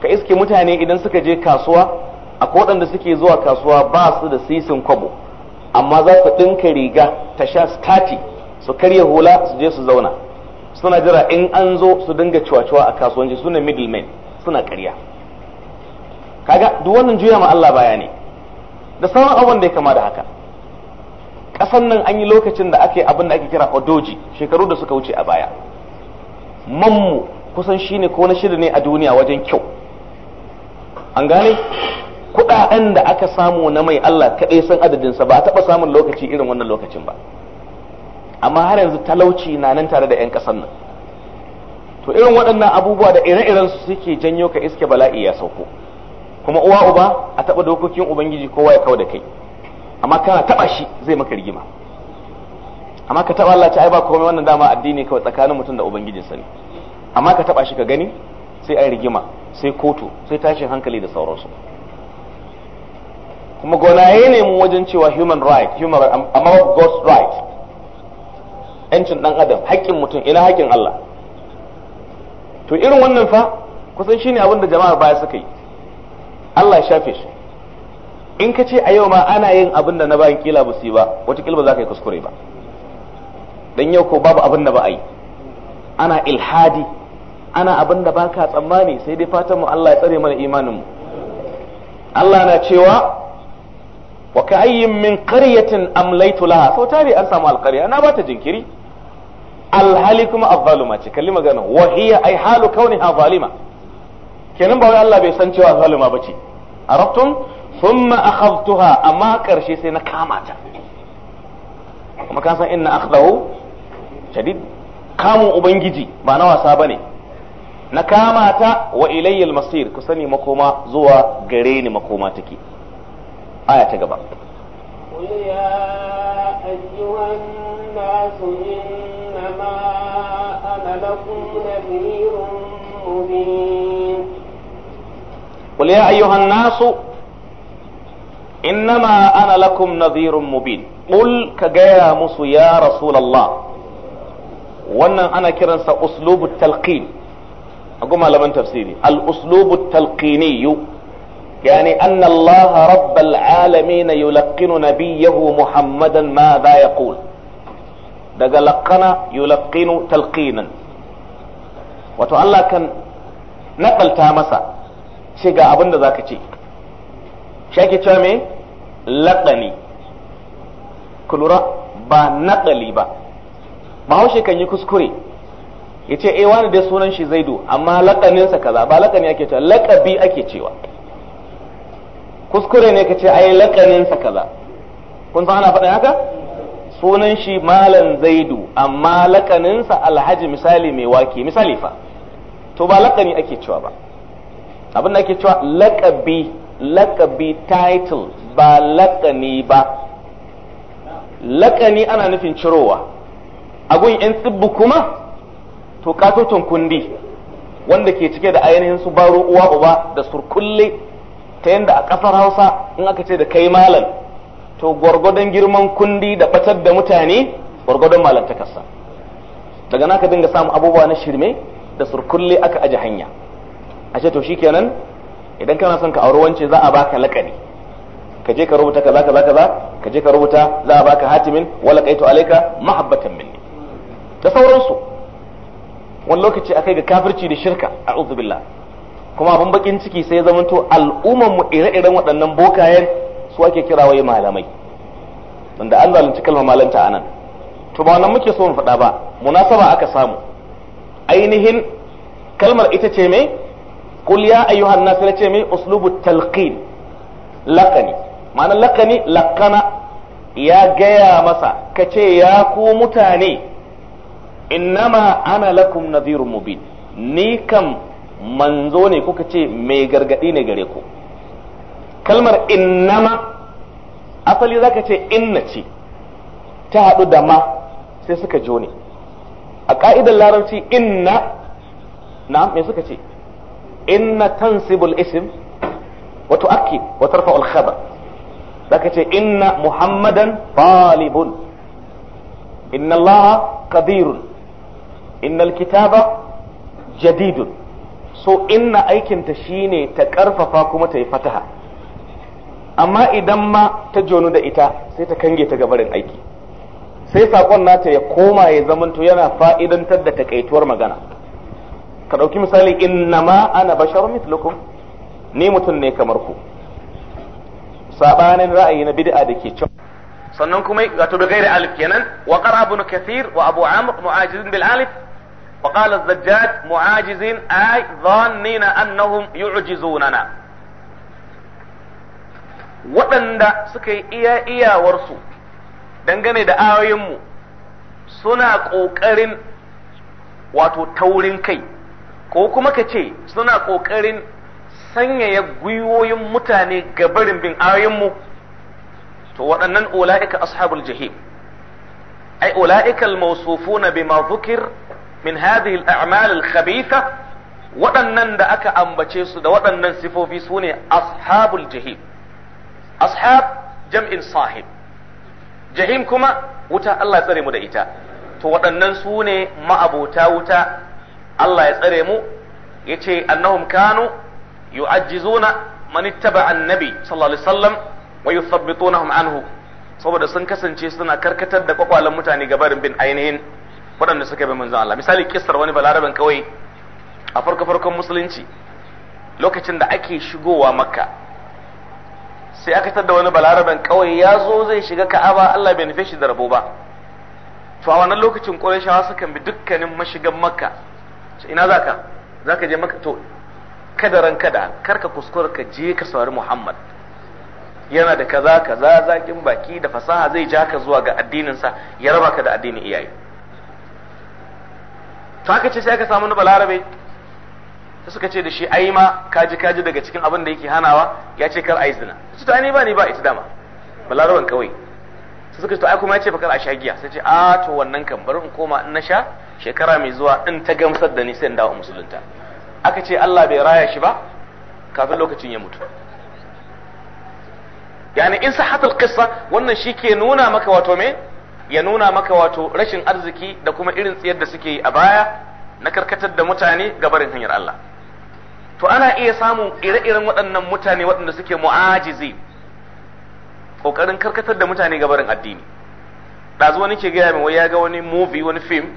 ka iske mutane idan suka je kasuwa akwai waɗanda suke zuwa kasuwa ba su da sisin kwabo amma za su ɗinka riga ta sha stati su karya hula su je su zauna suna jira in an zo su dinga cuwa-cuwa a kasuwanci suna middlemen suna karya kaga duk wannan juya ma Allah baya ne da sauran abin da ya kama da haka ƙasan nan an yi lokacin da ake abin da ake kira odoji shekaru da suka wuce a baya mammu. kusan shi ne ko na shida ne a duniya wajen kyau an gane kudaden da aka samu na mai Allah kaɗai san adadinsa ba a taɓa samun lokaci irin wannan lokacin ba amma har yanzu talauci na nan tare da 'yan ƙasar nan to irin waɗannan abubuwa da ire-iren su suke janyo ka iske bala'i ya sauko kuma uwa uba a taɓa dokokin ubangiji kowa ya kawo da kai amma kana taɓa shi zai maka rigima amma ka taɓa Allah ta ai ba komai wannan dama addini kawai tsakanin mutum da ubangijinsa ne amma ka taba shi ka gani sai a rigima sai kotu sai tashin hankali da sauransu kuma gonaye ne mu wajen cewa human right human right amma god's right yancin dan adam haƙƙin mutum ina haƙƙin Allah to irin wannan fa kusan shine abin da jama'ar baya suka yi Allah ya shafe shi in ka ce a yau ma ana yin abin da na bayan kila ba su yi ba wata ba za ka yi kuskure ba dan yau ko babu abin da ba a yi ana ilhadi ana abin da baka tsammani sai dai fatan mu Allah ya tsare mana imanin mu Allah na cewa wa ka'ayyin min qaryatin amlaytu laha sau tare an samu alqarya na bata jinkiri alhali kuma azzaluma ce kalli magana wa hiya ay halu kauniha zalima kenan ba wai Allah bai san cewa zalima bace arabtum thumma akhadhtuha amma karshe sai na kama ta kuma ka san inna akhdahu shadid kamun ubangiji ba na wasa bane na kama ta wa ilayyil masir ku sani makoma zuwa gare ni makoma take aya ta gaba قل يا أيها الناس إنما أنا لكم نذير مبين قل يا أيها الناس إنما أنا لكم نذير مبين قل كجايا يا رسول الله wannan ana kiransa uslubu talqin أقول malaman tafsiri الأسلوب التلقيني يعني أن الله رب العالمين يلقن نبيه محمدا ماذا يقول daga laƙana yulaƙinu talqinan wato Allah kan naƙalta masa ce ga abin da za ka ce shake cewa me laƙani kulura ba naƙali ba bahaushe kan yi kuskure yace eh wani dai sunan shi zaidu amma lakanin sa kaza ba lakani ake cewa lakabi ake cewa kuskure ne kace ai lakanin sa kaza kun san ana faɗin haka sunan shi malam zaidu amma laƙanin sa alhaji misali mai wake misali fa to ba lakani ake cewa ba abin da ake cewa lakabi lakabi title ba lakani ba lakani ana nufin cirowa agun yan tsibbu kuma to katoton kundi wanda ke cike da ainihin su baro uwa uba da surkulle ta yadda a kasar hausa in aka ce da kai malam to gwargwadon girman kundi da batar da mutane gwargwadon malam ta kasa daga naka dinga samun abubuwa na shirme da surkulle aka aji hanya a ce to shikenan idan kana son ka auri wance za a baka lakani ka je ka rubuta kaza kaza kaza ka je ka rubuta za a baka hatimin wala kaito alaika mahabbatan minni da sauransu wani lokaci akai ga kafirci da shirka a'udhu billah kuma abin bakin ciki sai ya zamanto al'umman mu ire-iren waɗannan bokayen su ake kira waye malamai da an lanci kalmar malanta anan to ba wannan muke so mu faɗa ba munasaba aka samu ainihin kalmar ita ce me qul ya ayyuhan nas ce me uslubu talqin laqani ma'ana laqani laqana ya gaya masa kace ya ku mutane innama ana lakum nadhirun mubin ni kam manzo ne kuka ce mai gargadi ne gare ku kalmar innama asali zaka ce inna ce ta hadu da ma sai suka jo ne a ka'idar larabci inna na me suka ce inna tansibul ism wa tu'akki wa tarfa'u al-khabar zaka ce inna muhammadan talibun inna allaha qadirun innal kitaba jadidun so inna aikinta shine ta karfafa kuma ta yi fataha amma idan ma ta jonu da ita sai ta kange ta gabarin aiki sai saƙon nata ya koma ya zamanto yana fa'idantar da takaituwar magana ka ɗauki misali innama ana bashar mislukum ni mutum ne kamar ku sabanin ra'ayi na bid'a da ke can. sannan kuma ga to da gairi alif kenan wa qara ibn kathir wa abu amr mu'ajizun bil alif وقال الزجاج معاجز أي ظانين أنهم يعجزوننا waɗanda suka yi iya iyawarsu dangane da ayoyinmu suna ƙoƙarin wato taurin kai ko kuma ka ce suna ƙoƙarin sanyaya gwiwoyin mutane ga barin bin ayoyinmu to waɗannan ula'ika ashabul jahim ai ula'ika almawsufuna bima dhukir min hadhihi al-a'mal waɗannan da aka ambace su da waɗannan sifofi su ne ashabul jahim ashab jam'in sahib jahim kuma wuta Allah ya tsare mu da ita to waɗannan su ne ma'abota wuta Allah ya tsare mu ya ce annahum kanu yu'ajjizuna man ittaba annabi sallallahu alaihi wasallam wa yuthabbitunahum anhu saboda sun kasance suna karkatar da kwakwalen mutane gabarin bin ainihin waɗanda suka bi manzon Allah misali kissar wani balaraben kawai a farko farkon musulunci lokacin da ake shigowa makka sai aka tada wani balaraben kawai ya zo zai shiga ka'aba Allah bai nufe shi da rabo ba to a wannan lokacin ƙurashawa sukan bi dukkanin mashigan makka ina zaka zaka je makka to kada ran kada karka kuskura ka je ka saurari muhammad yana da kaza kaza zakin baki da fasaha zai ja ka zuwa ga addininsa ya raba ka da addinin iyaye to haka ce sai aka samu na balarabe ta suka ce da shi ai ma kaji kaji daga cikin abin da yake hanawa ya ce kar ai zina su ta ai ba ni ba ita dama balaraban kawai su suka ce to ai kuma ya ce fa a sha giya sai ce a to wannan kan bari in koma in na sha shekara mai zuwa in ta gamsar da ni sai in dawo musulunta aka ce Allah bai raya shi ba kafin lokacin ya mutu yani in sahatul qissa wannan shi ke nuna maka wato me ya nuna maka wato rashin arziki da kuma irin tsiyar da suke yi a baya na karkatar da mutane ga barin hanyar Allah to ana iya samun ire-iren waɗannan mutane waɗanda suke mu'ajizi kokarin karkatar da mutane ga barin addini ɗazu wani ke gaya min wai ya ga wani movie wani film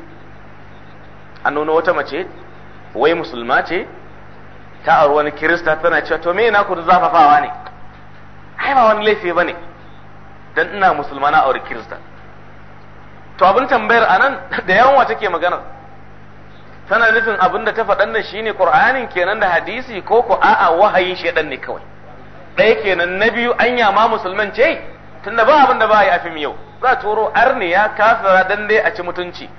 A nuna wata mace wai musulma ce ta auri wani kirista tana cewa to me na ku zafafawa ne ai ba wani laifi bane dan ina musulma na aure kirista to abin tambayar anan da yawan take magana tana nufin abin da ta faɗan nan shine qur'anin kenan da hadisi ko ko a'a wahayin shedan ne kawai ɗaya kenan na biyu anya ma musulman ce tunda ba abin da ba yi a fim yau za turo ya kafira dan dai a ci mutunci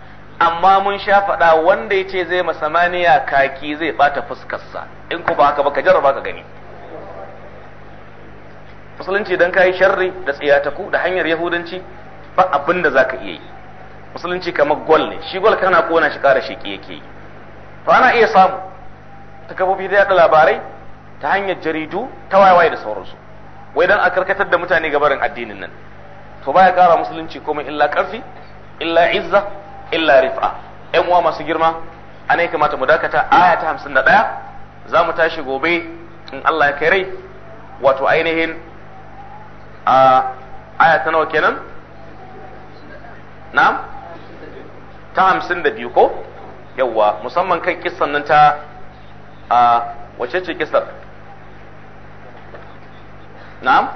amma mun sha faɗa wanda ya ce zai masamaniya kaki zai bata fuskarsa in ku ba haka ba ka ba ka gani musulunci dan kayi sharri da tsiyataku da hanyar yahudanci ba abin da zaka iya yi musulunci kamar gol ne shi gol kana kona shi kara sheki yake yi to ana iya samu ta kafofi da labarai ta hanyar jaridu ta wayewaye da sauransu wai dan a karkatar da mutane ga barin addinin nan to baya kara musulunci komai illa karfi illa izza illa rif'a yan uwa masu girma ana ya kamata mu dakata aya ta 51 za mu tashi gobe in Allah ya kai rai wato ainihin a aya ta nawa kenan na'am ta hamsin da biyu ko yawwa musamman kan kisan nan ta a wace ce kisar na'am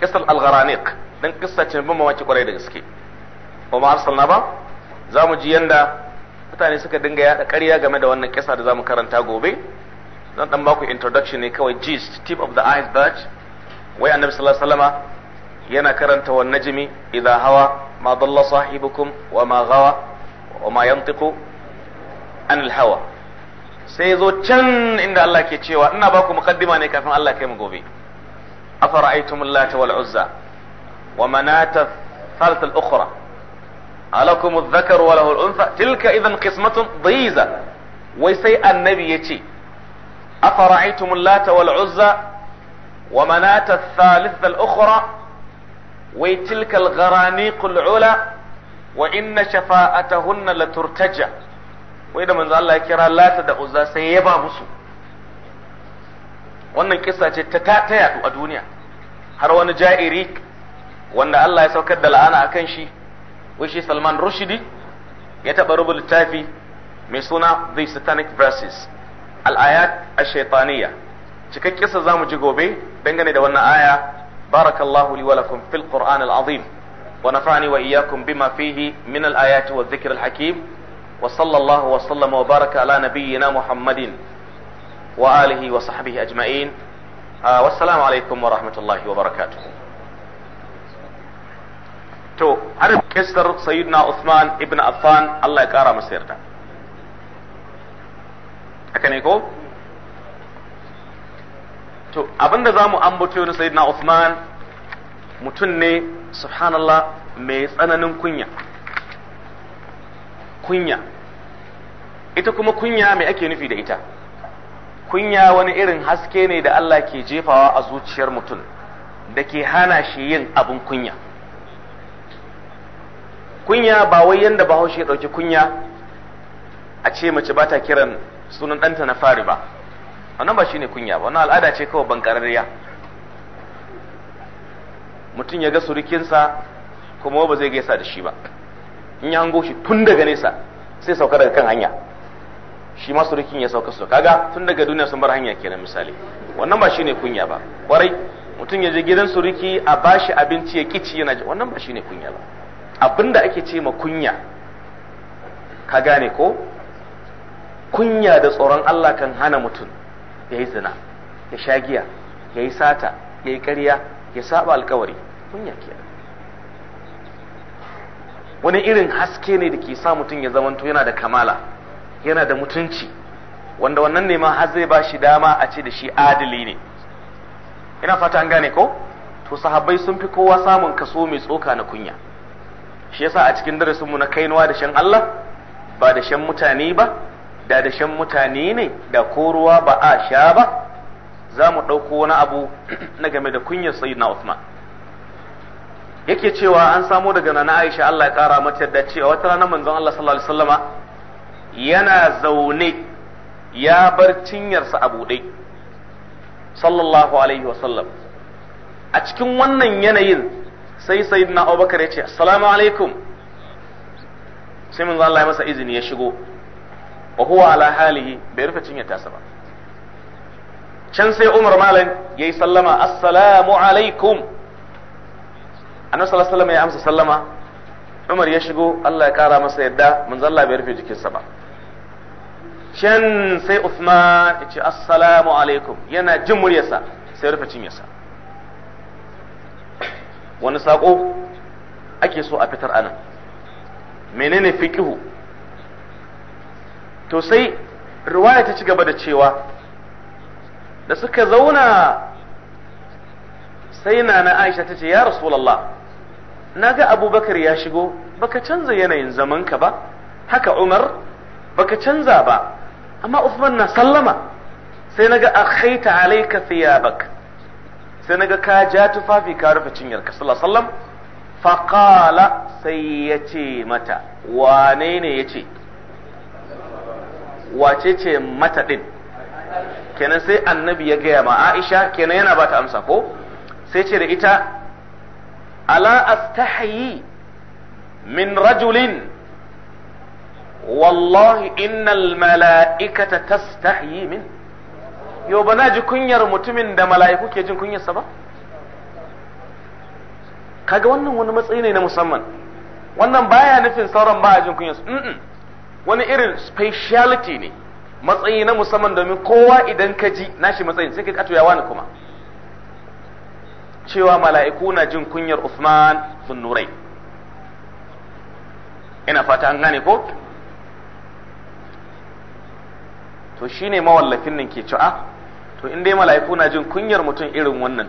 kisar al-gharaniq dan kissa ce ban mamaki kwarai da gaske ba ma arsalna ba za mu ji yanda mutane suka dinga yada karya game da wannan kisa da za mu karanta gobe zan dan baku introduction ne kawai gist tip of the iceberg wai annabi sallallahu alaihi wasallama yana karanta wannan najmi idan hawa ما ضل صاحبكم وما غوى وما ينطق عن الهوى sai zo can inda Allah ke cewa ina ba ku muqaddima ne kafin Allah kai mu gobe afara'aytum lata wal uzza wa manata thalith al ukhra alakum adh-dhakaru wa lahu al-untha tilka idhan qismatun dhiza wai sai annabi yace afara'aytum lata wal uzza wa manata thalith al ukhra wai tilkal gharaniqul ula wa inna shafa'atahunna laturtaja wai da manzo Allah ya kira lata da uzza sai ya ba musu wannan kissa ce ta ta yadu a duniya har wani ja'iri wanda Allah ya saukar da la'ana akan shi wai shi Salman Rushdi ya taba rubuta littafi mai suna The Satanic Verses al-ayat ash-shaytaniyya cikakken kissa zamu ji gobe dangane da wannan aya بارك الله لي ولكم في القرآن العظيم ونفعني وإياكم بما فيه من الآيات والذكر الحكيم وصلى الله وسلم وبارك على نبينا محمد وآله وصحبه أجمعين آه والسلام عليكم ورحمة الله وبركاته to har kistar sayyidina Uthman ibn Affan Allah ya kara masa yarda haka ne ko to abinda zamu ambato na sayyidina Uthman mutum ne subhanallah mai tsananin kunya kunya ita kuma kunya mai ake nufi da ita kunya wani irin haske ne da Allah ke jefawa a zuciyar mutum da ke hana shi yin abin kunya kunya ba wai yanda bahaushe ya ɗauki kunya a ce mace ba ta kiran sunan ɗanta na fari ba wannan ba shine kunya ba wannan al'ada ce kawai ban kararriya mutum ya ga surukinsa kuma ba zai gaisa da shi ba in ya hango shi tun daga nesa sai sauka daga kan hanya shi ma surukin ya sauka su kaga tun daga duniya sun bar hanya kenan misali wannan ba shine kunya ba kwarai mutum ya je gidan suruki a bashi abinci ya kici yana ji wannan ba shine kunya ba abinda ake ce ma kunya ka gane ko kunya da tsoron Allah kan hana mutum ya yi zina ya sha giya ya yi sata ya yi ƙarya ya saba alkawari kunya ke wani irin haske ne da ke sa mutum ya zamanto yana da kamala yana da mutunci wanda wannan neman har zai ba shi dama a ce da shi adali ne ina fata an gane ko to sahabbai sun fi kowa samun kaso mai tsoka na kunya shi yasa a cikin darasinmu na kainuwa da shan Allah ba da shan mutane ba da dashen mutane ne da ko ruwa ba a sha ba za mu ɗauko wani abu na game da kunyar sayyidina Uthman yake cewa an samo daga nana Aisha Allah ya kara mata da cewa wata rana manzon Allah sallallahu alaihi wasallama yana zaune ya bar cinyarsa a buɗe sallallahu alaihi wasallam a cikin wannan yanayin sai sayyidina Abubakar ya ce assalamu alaikum sai manzon Allah ya masa izini ya shigo wa huwa ala halihi bai rufe cinye tasa ba can sai Umar malam ya yi sallama assalamu alaikum annabi sallallahu alaihi ya amsa sallama Umar ya shigo Allah ya kara masa yadda mun zalla bai rufe jikinsa ba can sai Uthman ya ce assalamu alaikum yana jin muryarsa sai rufe cinyarsa wani sako ake so a fitar anan menene fiqhu to sai riwaya ta ci gaba da cewa da suka zauna sai Nana aisha ta ce ya rasulallah na ga abubakar ya shigo baka canza yanayin zamanka ba haka umar baka canza ba amma Uthman na sallama sai naga ga akhaita alaika thiyabak sai na ka ja tufafi ka rufe cinyarka sallallahu alaihi wasallam faqala sai yace mata wane ne yace wace ce mata din kenan sai annabi ya gaya ma Aisha kenan yana ba ta amsa ko sai ce da ita ala astahyi min rajulin wallahi innal mala'ikata tastahayi min yau ba ji kunyar mutumin da mala'iku ke jin kunyarsa ba kaga wannan wani matsayi ne na musamman wannan baya nufin sauran ba a jin kunyarsu wani irin speciality ne matsayi na musamman domin kowa idan ka ji nashi matsayin sai ka kato ya wani kuma cewa mala'iku na jin kunyar Uthman sunnurai ina fata an gane ko to shine mawallafin nan ke cewa ah, to in dai mala'iku na jin kunyar mutum irin wannan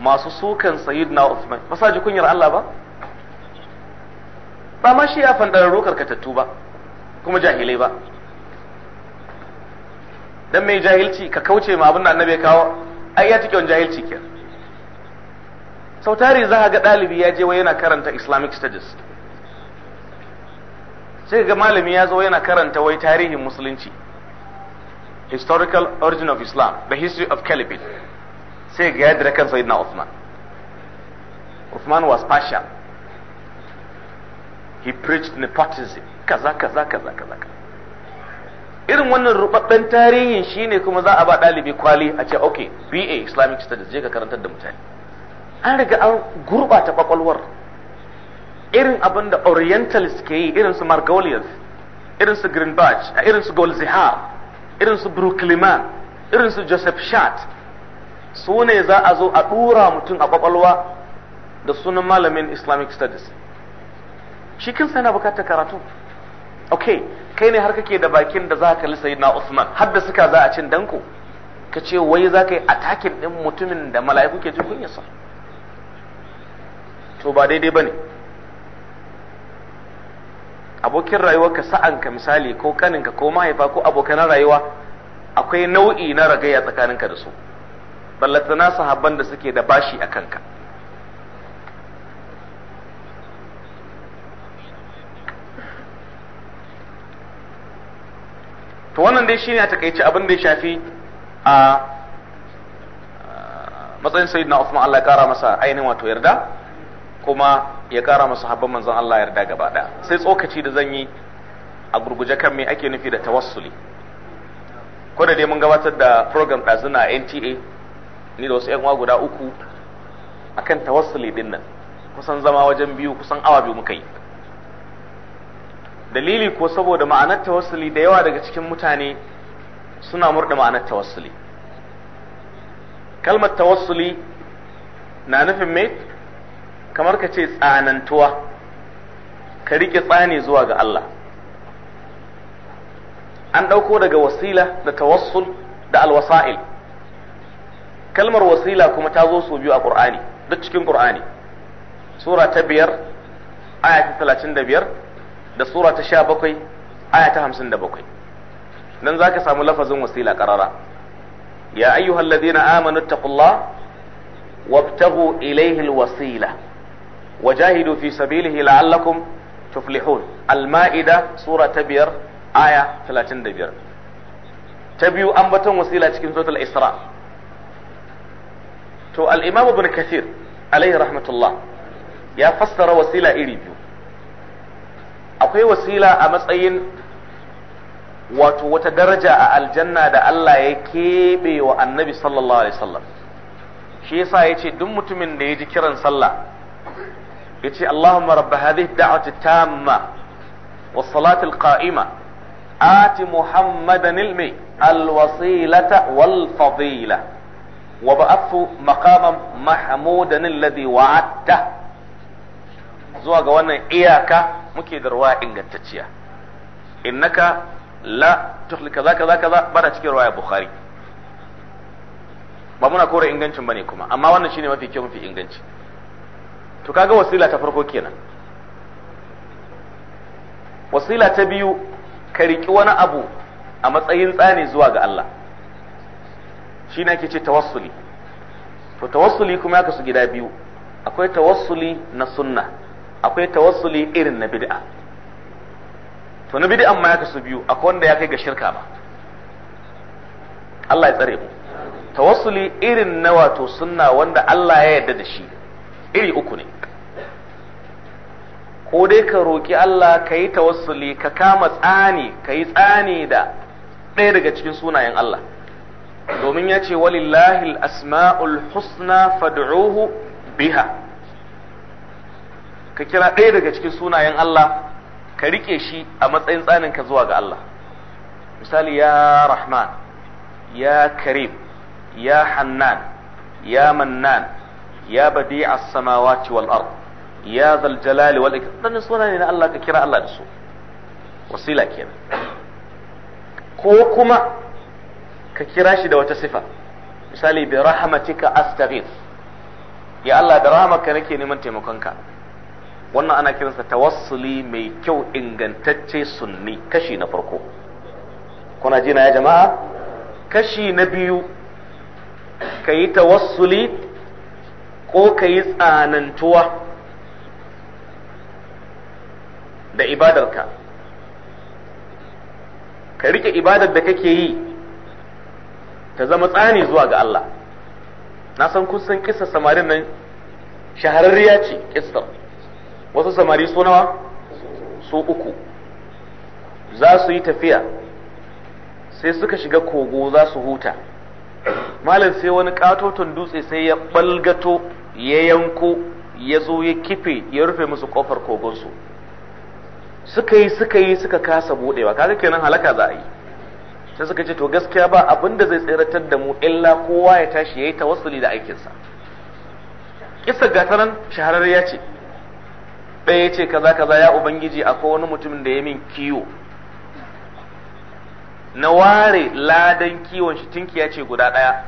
masu sukan sayyidina Uthman ba sa ji kunyar Allah ba ba ma shi ya rokar katattu ba kuma jahilai ba dan mai jahilci ka kauce ma abin da annabi ya kawo ai ya tike jahilci ke Sautari za a ga ɗalibi ya je wai yana karanta islamic studies sai ga malami ya zo yana karanta wai tarihin musulunci historical origin of islam the history of caliphate sai ga yadda kan sayyidina Uthman Uthman was partial he preached nepotism kaza kaza kaza kaza irin wannan rubabben tarihin shine kuma za a ba dalibi kwali a ce okay BA Islamic Studies je ka karantar da mutane an riga an gurbata kwakwalwar irin abin da orientalist ke yi irin su margolius irin su greenbach irin su golzihar irin su brooklyn irin su joseph shat su ne za a zo a dura mutum a kwakwalwa da sunan malamin islamic studies shi kinsa yana bukatar karatu ok kai ne har kake da bakin da za ka kalli na Usman har da suka za a cin danko ka ce wai za ka yi ɗin din mutumin da mala'iku ke jin kunyarsa to ba daidai bane abokin ka sa'anka misali ko kaninka ko mahaifa ko abokan rayuwa akwai nau'i na ragaya tsakaninka da su ballatana sahabban da suke da bashi a kanka to wannan dai shine a takaice abin da ya shafi a matsayin sayyidina Uthman Allah ya kara masa ainihin wato yarda kuma ya kara masa habban manzon Allah yarda gaba daya sai tsokaci da zan yi a gurguje kan me ake nufi da tawassuli ko da dai mun gabatar da program ɗazuna a NTA ni da wasu ƴan uwa guda uku akan tawassuli din nan kusan zama wajen biyu kusan awa biyu muka yi dalili ko saboda ma'anar tawassuli da yawa daga cikin mutane suna murda ma'anar tawassuli kalmar tawassuli na nufin me kamar ka ce tsanantuwa ka rike tsani zuwa ga Allah an ɗauko daga wasila da tawassul da alwasa'il kalmar wasila kuma ta zo su biyu a ƙur'ani duk cikin ƙur'ani sura ta biyar aya ta talatin da biyar da sura ta sha bakwai aya ta hamsin da bakwai nan za ka samu lafazin wasila karara ya ayyuhal amanu taqullah wabtagu ilayhi alwasila wajahidu fi sabilihi la'allakum tuflihun al-ma'ida sura ta biyar aya 35 ta biyu an baton wasila cikin suratul isra to al-imam ibn kathir alaihi rahmatullah ya fassara wasila iri biyu akwai wasila a matsayin wato wata daraja a aljanna da Allah ya keɓe wa annabi sallallahu alaihi wasallam shi yasa yace duk mutumin da ya ji kiran sallah yace Allahumma rabb hadhihi da'wati tamma was salati al qa'ima ati muhammadan ilmi alwasilata wasilata wal fadila وبعثه مقاما محمودا الذي وعدته zuwa ga wannan iyaka muke da ruwa ingantacciya innaka la tuhli kaza kaza kaza bana cikin ruwa bukhari ba muna kore ingancin bane kuma amma wannan shine mafi kyau mafi inganci to kaga wasila ta farko kenan wasila ta biyu ka riki wani abu a matsayin tsani zuwa ga Allah shi na ake ce tawassuli to tawassuli kuma ya kasu gida biyu akwai tawassuli na sunna akwai tawassuli irin na bid'a to na bid'an ma ya kasu biyu akwai wanda ya kai ga shirka ba Allah ya tsare mu tawassuli irin na wato sunna wanda Allah ya yarda da shi iri uku ne ko dai ka roki Allah ka yi tawassuli ka kama tsani ka yi tsani da ɗaya daga cikin sunayen Allah domin ya ce walillahi al-asma'ul husna fad'uhu biha ka kira ɗaya daga cikin sunayen Allah ka rike shi a matsayin tsanin ka zuwa ga Allah misali ya rahman ya karim ya hannan ya mannan ya badi samawati wal ard ya zal jalali wal ikram sunaye na Allah ka kira Allah da su wasila kenan ko kuma ka kira shi da wata sifa misali bi rahmatika astaghith ya Allah da rahmatka nake neman taimakonka wannan ana kiransa tawassuli mai kyau ingantacce sunni kashi na farko kuna jina ya jama'a kashi na biyu ka yi tawassuli ko ka yi tsanantuwa da ibadarka ka rike ibadar da kake yi ta zama tsani zuwa ga Allah na san kun kisa samarin nan shahararriya ce kisar wasu samari su nawa su uku za su yi tafiya sai suka shiga kogo za su huta malam sai wani katoton dutse sai ya balgato ya yanko ya zo ya kife ya rufe musu kofar kogonsu suka yi suka yi suka kasa budewa kaga kenan halaka za a yi sai suka ce to gaskiya ba abin da zai tseratar da mu illa kowa ya tashi ya yayi tawassuli da aikinsa kisa gatanan shahararriya ce ɗaya ya ce kaza kaza ya ubangiji akwai wani mutumin da ya min kiwo na ware ladan kiwon shi ya ce guda ɗaya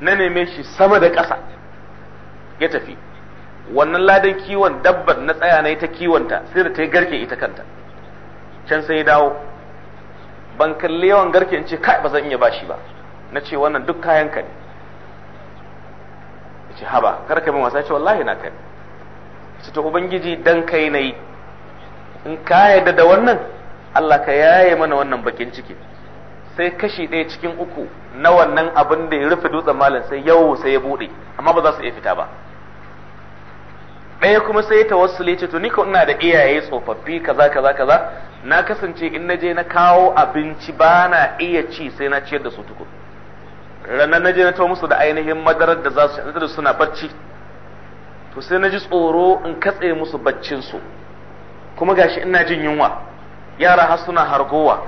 na neme shi sama da ƙasa ya tafi wannan ladan kiwon dabbar na tsaya na ta kiwonta sai da ta yi garke ita kanta can sai dawo ban kalli yawan garke in ce kai ba zan iya bashi ba na ce wannan duk kayan ka ne ya ce haba kar ka min wasa ya ce wallahi na kai su ta ubangiji dan kai na yi in ka yarda da wannan Allah ka yaye mana wannan bakin ciki sai kashi ɗaya cikin uku na wannan abin da ya rufe dutsen malam sai yau sai ya buɗe amma ba za su iya fita ba ɗaya kuma sai ta wasu ce to ko ina da iyaye tsofaffi kaza kaza kaza na kasance in na je na kawo abinci ba na iya ci sai na ciyar da su tukun ranar na je na tawo musu da ainihin madarar da za su da suna barci to sai na ji tsoro in katse musu baccinsu kuma gashi ina jin yunwa yara har suna hargowa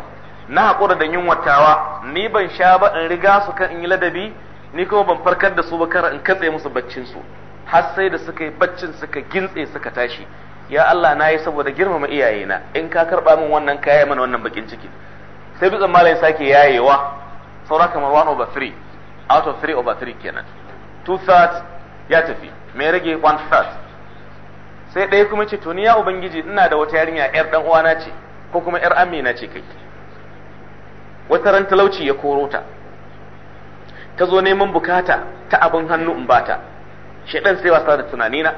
na hakura da yunwatawa ni ban sha ba in riga su kan in yi ladabi ni kuma ban farkar da su ba kar in katse musu baccinsu har sai da suka yi baccin suka gintse suka tashi ya Allah na yi saboda girmama iyayena in ka karɓa min wannan kaya mana wannan bakin ciki sai bitsan malai sake yayewa saura kamar one over 3 out of 3 over 3 kenan two thirds ya tafi me rage one third sai ɗaya kuma ce to ni ya ubangiji ina da wata yarinya yar dan uwana ce ko kuma yar amina ce kai wata ran talauci ya koro ta ta zo neman bukata ta abin hannu in bata shedan sai wasa da Na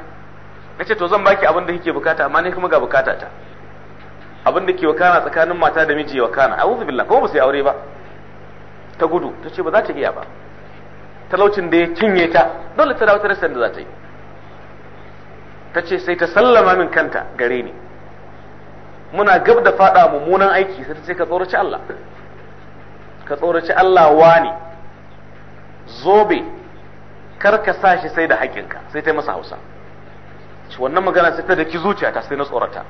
nace to zan baki abin da kike bukata amma ne kuma ga bukata ta abin da ke wakana tsakanin mata da miji ya wakana a'udhu billah kuma ba su yi aure ba ta gudu ta ce ba za ta iya ba talaucin da ya cinye ta dole ta dawo ta rasa da za ta yi ta ce sai ta sallama min kanta gare ni muna gab da fada mummunan aiki sai ta ce ka tsoraci Allah ka tsoraci Allah wani zobe kar ka sa shi sai da haƙinka sai ta yi masa hausa wannan magana sai ta daki zuciyata sai na tsorata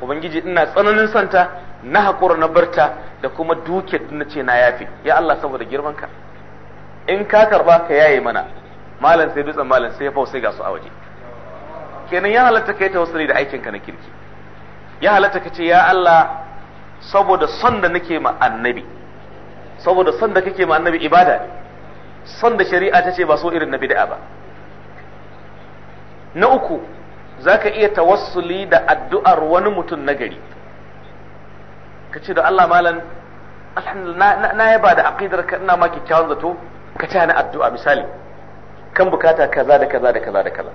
ubangiji ina tsananin santa na haƙura na barta da kuma duke na ce na yafi ya Allah saboda girman ka in ka karba ka yaye mana malam sai dutsen malam sai fa sai ga su a waje kenan ya halatta kai tawassuli da aikin ka na kirki ya halatta ka ce ya Allah saboda son da nake ma annabi saboda son da kake ma annabi ibada ne son da shari'a ta ce ba so irin na bid'a ba na uku zaka iya tawassuli da addu'ar wani mutum na ka ce da Allah malam alhamdulillah na yaba da aqidar ka ina ma kyakkyawan zato ka ci na addu'a misali kan bukata kaza da kaza da kaza da kaza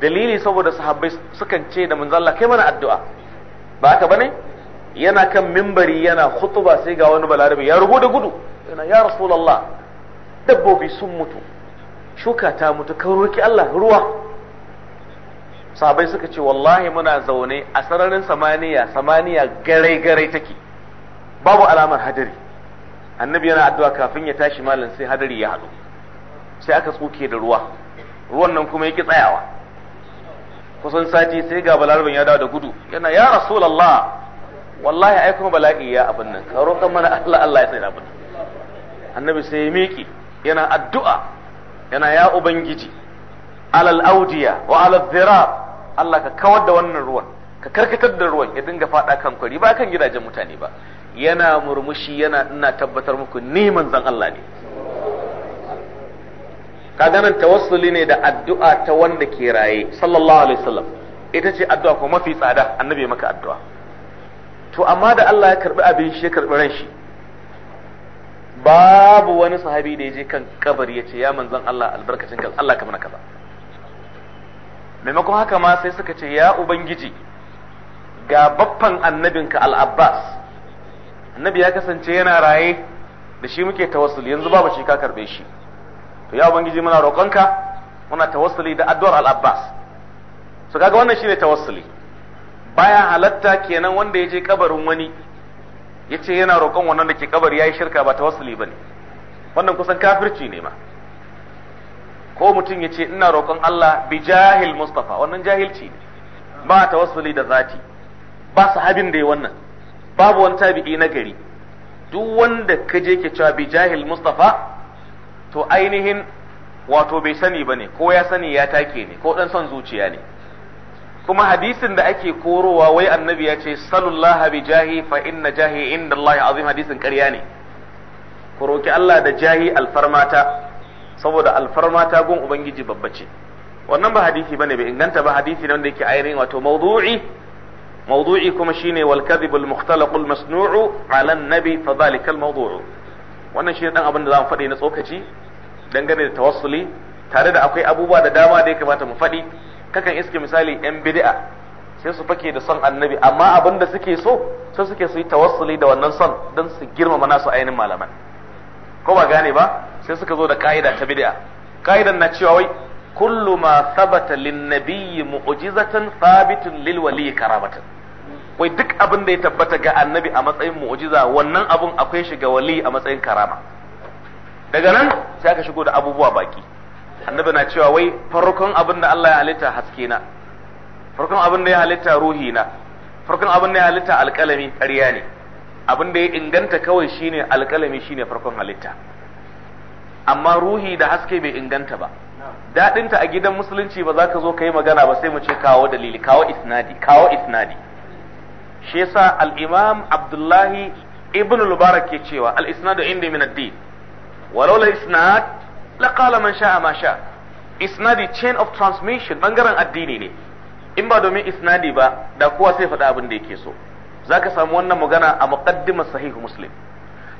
dalili saboda sahabbai sukan ce da manzalla kai mana addu'a ba haka bane yana kan mimbari yana khutuba sai ga wani balarabe ya rubu da gudu yana ya rasulullah dabbobi sun mutu shuka ta mutu ka roki Allah ruwa sahabbai suka ce wallahi muna zaune a sararin samaniya samaniya garai garai take babu alamar hadari annabi yana addu'a kafin ya tashi malam sai hadari ya haɗu sai aka tsuke da ruwa ruwan nan kuma yake tsayawa kusan sati sai ga balarabin ya dawo da gudu yana ya rasulullah wallahi ai kuma bala'i ya abin nan ka roƙan mana Allah Allah ya tsaya abin annabi sai ya miƙe yana addu'a yana ya ubangiji alal audiya wa alal dhirab Allah ka kawar da wannan ruwan ka karkatar da ruwan ya dinga fada kan kwari ba kan gidajen mutane ba yana murmushi yana ina tabbatar muku ni manzon Allah ne kaga nan tawassuli ne da addu'a ta wanda ke raye sallallahu alaihi wasallam ita ce addu'a ko mafi tsada annabi maka addu'a to amma da Allah ya karbi abin shi ya karbi ran shi babu wani sahabi da ya je kan kabari ya ce ya manzon Allah albarkacin kan Allah ka mana kaza maimakon haka ma sai suka ce ya ubangiji ga baffan annabinka al-Abbas annabi ya kasance yana raye da shi muke tawassul yanzu babu shi ka karbe shi to ya ubangiji muna roƙonka muna tawassuli da addu'ar al-abbas so kaga wannan shine tawassuli baya halatta kenan wanda ya je kabarin wani yace yana roƙon wannan da ke kabari yayi shirka ba tawassuli bane wannan kusan kafirci ne ma ko mutum yace ina roƙon Allah bi jahil mustafa wannan jahilci ne ba tawassuli da zati ba sahabin da ya wannan babu wani tabi'i na gari duk wanda ka je ke cewa bi jahil mustafa to ainihin wato bai sani bane ko ya sani ya take ne ko dan son zuciya ne kuma hadisin da ake korowa wai annabi ya ce sallallahu bi jahi fa inna jahi inda Allah azim hadisin ƙarya ne ku roki Allah da jahi alfarmata saboda alfarmata gun ubangiji babba ce wannan ba hadisi bane bai inganta ba hadisi ne wanda yake ainihin wato mawdu'i mawdu'i kuma shine wal kadhib al mukhtalaq al masnu'u ala an nabi fa dhalika al mawdu'u shine dan abin da zamu faɗi na tsokaci dangane da tawassuli tare da akwai abubuwa da dama da ya kamata mu faɗi kakan iske misali yan bid'a sai su fake da son annabi amma abin da suke so sai suke su yi tawassuli da wannan son dan su girmama nasu ainihin malaman ko ba gane ba sai suka zo da ka'ida ta bid'a ka'idan na cewa wai kullu ma sabata lin nabiyyi mu'jizatan thabitun lil wali karamatan wai duk abin da ya tabbata ga annabi a matsayin mu'jiza wannan abun akwai shi ga wali a matsayin karama daga nan sai aka shigo da abubuwa baki annabi na cewa wai farkon abin da Allah ya halitta haske na farkon abin da ya halitta ruhi na farkon abin da ya halitta alƙalami ƙarya ne abin da ya inganta kawai shine alƙalami shine farkon halitta amma ruhi da haske bai inganta ba daɗinta a gidan musulunci ba za ka zo ka yi magana ba sai mu ce kawo dalili kawo isnadi kawo isnadi shi yasa al-imam abdullahi ibn al-mubarak ke cewa al-isnadu inda min ad walau la isnad la qala man sha'a ma sha isnadi chain of transmission bangaren addini ne in ba domin isnadi ba da kowa sai faɗa abin da yake so zaka samu wannan magana a muqaddimar sahih muslim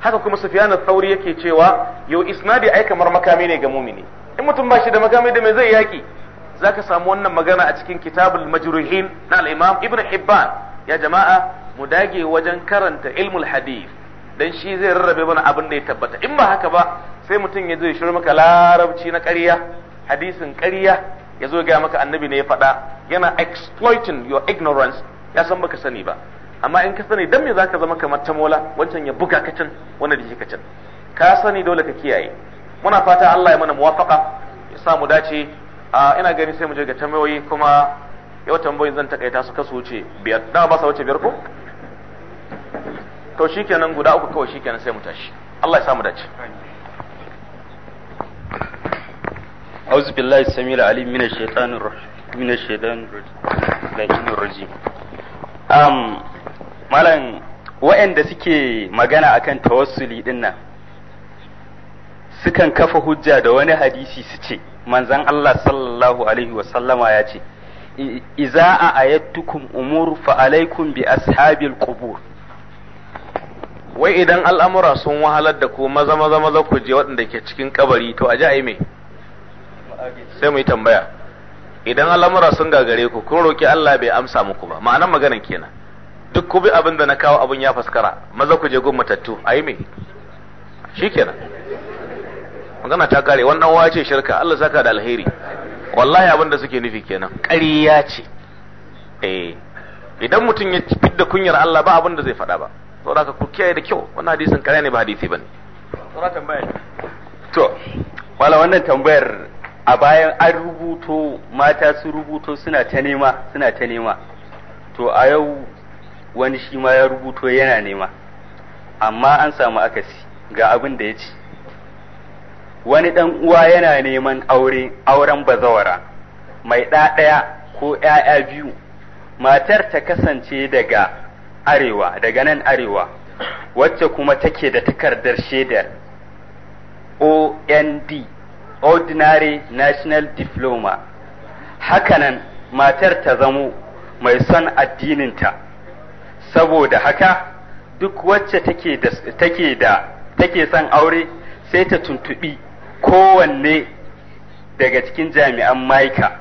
haka kuma sufyan al-thawri yake cewa yau isnadi ai kamar makami ne ga mumini in mutum ba shi da makami da me zai yaki zaka samu wannan magana a cikin kitabul majruhin na al-imam ibn hibban ya jama'a mu dage wajen karanta ilmul hadith dan shi zai rarrabe mana abin da ya tabbata in ba haka ba sai mutum ya zo ya shiru maka larabci na ƙarya hadisin ƙarya ya zo ga maka annabi ne ya faɗa yana exploiting your ignorance ya san baka sani ba amma in ka sani dan me zaka zama kamar tamola wancan ya buga ka can wannan da ka can ka sani dole ka kiyaye muna fata Allah ya mana muwafaqa ya sa mu dace ah, ina gani sai mu je ga tamoyi kuma yau tambayoyin zan takaita su kasu wuce biyar da ba sa wuce biyar ko to shikenan guda uku kawai shikenan sai mu tashi Allah ya samu dace أعوذ بالله السميع العليم من الشيطان الرجيم من الشيطان rajim am مالن waɗanda suke magana akan tawassuli din nan sukan kafa hujja da wani hadisi su ce manzon Allah sallallahu alaihi wa sallama ya ce iza a ayatukum umur fa alaikum bi ashabil qubur wai idan al'amura sun wahalar da ku maza maza maza ku je waɗanda ke cikin kabari to a ji a yi sai mu yi tambaya idan al'amura sun gagare ku kun roki Allah bai amsa muku ba ma'anar maganan kenan duk ku bi abin da na kawo abin ya faskara maza ku je gun matattu a yi Shi shikenan magana ta kare wannan wace shirka Allah saka da alheri wallahi abin da suke nufi kenan ƙarya ce eh idan mutum ya da kunyar Allah ba abin da zai faɗa ba da ka ku kiyaye da kyau wannan hadisin ƙarya ne ba hadisi bane saboda tambaya to wala wannan tambayar a bayan an rubuto mata su rubuto suna ta nema suna ta nema to a yau wani shi ma ya rubuto yana nema amma an samu akasi ga abin da ya ce. wani ɗan uwa yana neman aure auren bazawara mai ɗaɗaya ko ‘ya'ya biyu matar ta kasance daga arewa daga nan arewa wacce kuma take da takardar shaidar OND Ordinary National Diploma hakanan matar ta zamo mai son addininta saboda haka duk wacce take da take son aure sai ta tuntuɓi kowanne daga cikin jami'an maika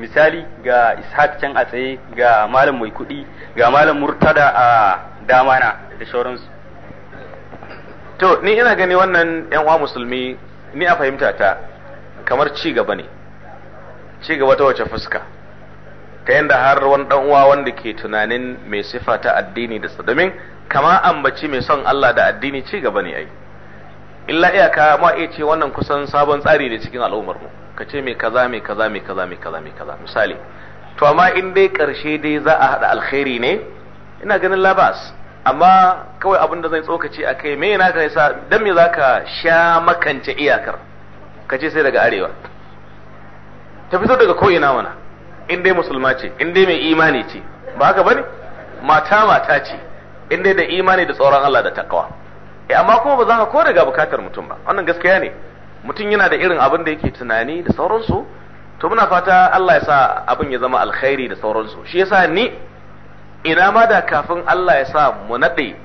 misali ga ishaq can a tsaye ga malam mai kuɗi ga malam murtada a damana da shauransu to ni ina gani wannan yan uwa musulmi ni a fahimta ta kamar ci gaba ne ci gaba ta wace fuska ta yadda har wani dan uwa wanda ke tunanin mai sifa ta addini da domin kama ambaci mai son Allah da addini ci gaba ne ai illa iyaka ma iya ce wannan kusan sabon tsari ne cikin al'ummar mu ka ce mai kaza mai kaza mai kaza mai kaza mai kaza misali to amma in dai karshe dai za a hada alkhairi ne ina ganin labas amma kawai abin da zan tsokaci a kai me yana kai sa dan me zaka sha makance iyakar ka ce sai daga arewa ta fito daga ko ina wana in dai musulma ce in dai mai imani ce ba haka bane mata mata ce in dai da imani da tsoron Allah da takawa Eh, amma kuma ba za ka ko daga bukatar mutum ba wannan gaskiya ne mutum yana da irin abin da yake tunani da sauransu to muna fata Allah ya sa abin ya zama alkhairi da sauransu shi yasa ni ina ma da kafin Allah ya sa mu nade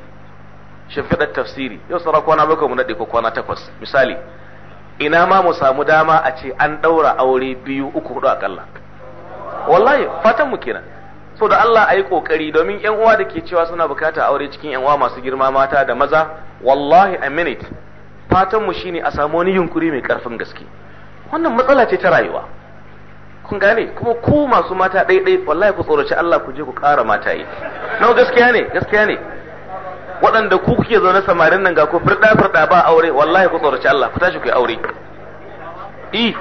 shimfidar tafsiri yau sara kwana bakwai mu nade ko kwana takwas misali ina ma mu samu dama a ce an ɗaura aure biyu uku hudu akalla wallahi fatan mu kenan so da Allah a yi ƙoƙari domin ‘yan uwa da ke cewa suna bukata aure cikin ‘yan uwa masu girma mata da maza wallahi a minute fatanmu shine a samu wani yunkuri mai ƙarfin gaske wannan matsala ce ta rayuwa kun gane kuma ku masu mata ɗaiɗai wallahi ku tsoraci Allah ku je ku ƙara mata yi Na gaskiya ne gaskiya ne waɗanda ku kuke zaune samarin nan ga ku firɗa firɗa ba aure wallahi ku tsoraci Allah ku tashi ku yi aure i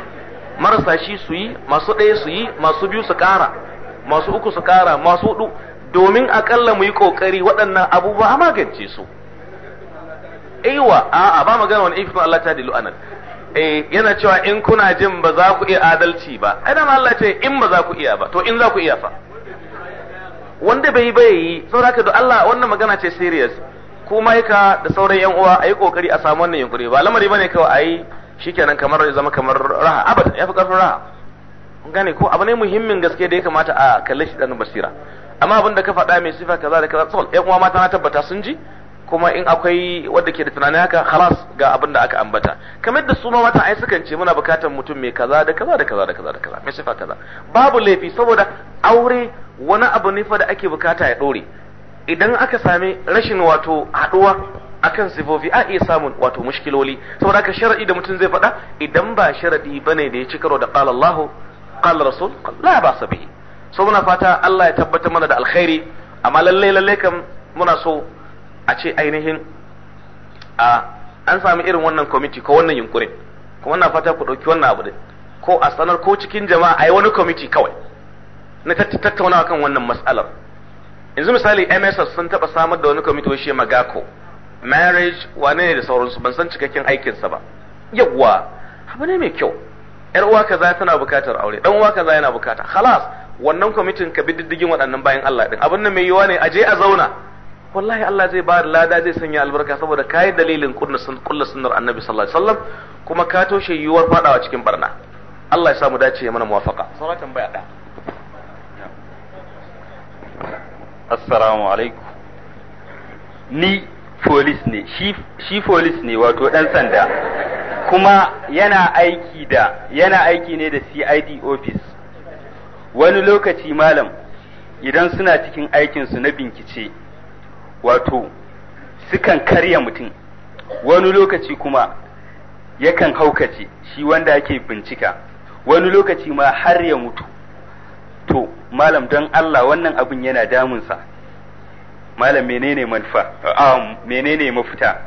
marasa shi su yi masu ɗaya su yi masu biyu su ƙara masu uku su kara masu hudu domin akalla mu yi kokari waɗannan abubuwa a magance su aiwa a a ba magana wani ifin Allah ta dilu anan eh yana cewa in kuna jin ba za ku iya adalci ba ai dama Allah ce in ba za ku iya ba to in za ku iya fa wanda bai bai yi saboda haka da Allah wannan magana ce serious ku ka da sauran yan uwa ayi kokari a samu wannan yunkuri ba lamari bane kawai ayi shikenan kamar zama kamar raha ya yafi karfin raha gane ko abu ne muhimmin gaske da ya kamata a kalle shi dan basira amma abin da ka faɗa mai sifa kaza da kaza tsol ƴan uwa mata na tabbata sun ji kuma in akwai wadda ke da tunani haka halas ga abin da aka ambata kamar da su ma mata ai sukan ce muna bukatar mutum mai kaza da kaza da kaza da kaza da kaza mai sifa kaza babu laifi saboda aure wani abu ne fa da ake bukata ya dore idan aka sami rashin wato haɗuwa akan sifofi a iya samun wato mushkiloli saboda ka shar'i da mutum zai faɗa idan ba sharadi bane da ya ci karo da qala Allahu قال الرسول قال لا باس so muna fata Allah ya tabbatar mana da alkhairi amma lalle lalle منا muna so a ce ainihin سامي an sami irin wannan kwamiti ko wannan yunkurin kuma wannan fata ku ɗauki wannan abu din ko a sanar ko cikin jama'a a yi wani kwamiti kawai na tattaunawa kan wannan mas'alar yanzu misali MSS sun taɓa samar da wani kwamiti shi magako marriage wane ne da sauransu ban san cikakken aikinsa ba yawwa abu ne mai kyau yar uwa kaza tana bukatar aure dan uwa kaza yana bukata khalas wannan kwamitin ka bi diddigin waɗannan bayan Allah din abin nan mai yiwa ne aje a zauna wallahi Allah zai ba lada zai sanya albarka saboda kai dalilin kunna sun kullu sunnar annabi sallallahu alaihi wasallam kuma ka toshe yiwuwar fadawa cikin barna Allah ya mu dace mana muwafaqa salatan tambaya da assalamu alaikum ni folis ne shi folis ne wato ɗan sanda kuma yana aiki da yana aiki ne da CID office wani lokaci malam idan suna cikin aikinsu na binkice wato sukan karya mutum wani lokaci kuma yakan haukace shi wanda ake bincika wani lokaci ma har ya mutu to malam don Allah wannan abin yana damunsa malam menene manfa menene mafita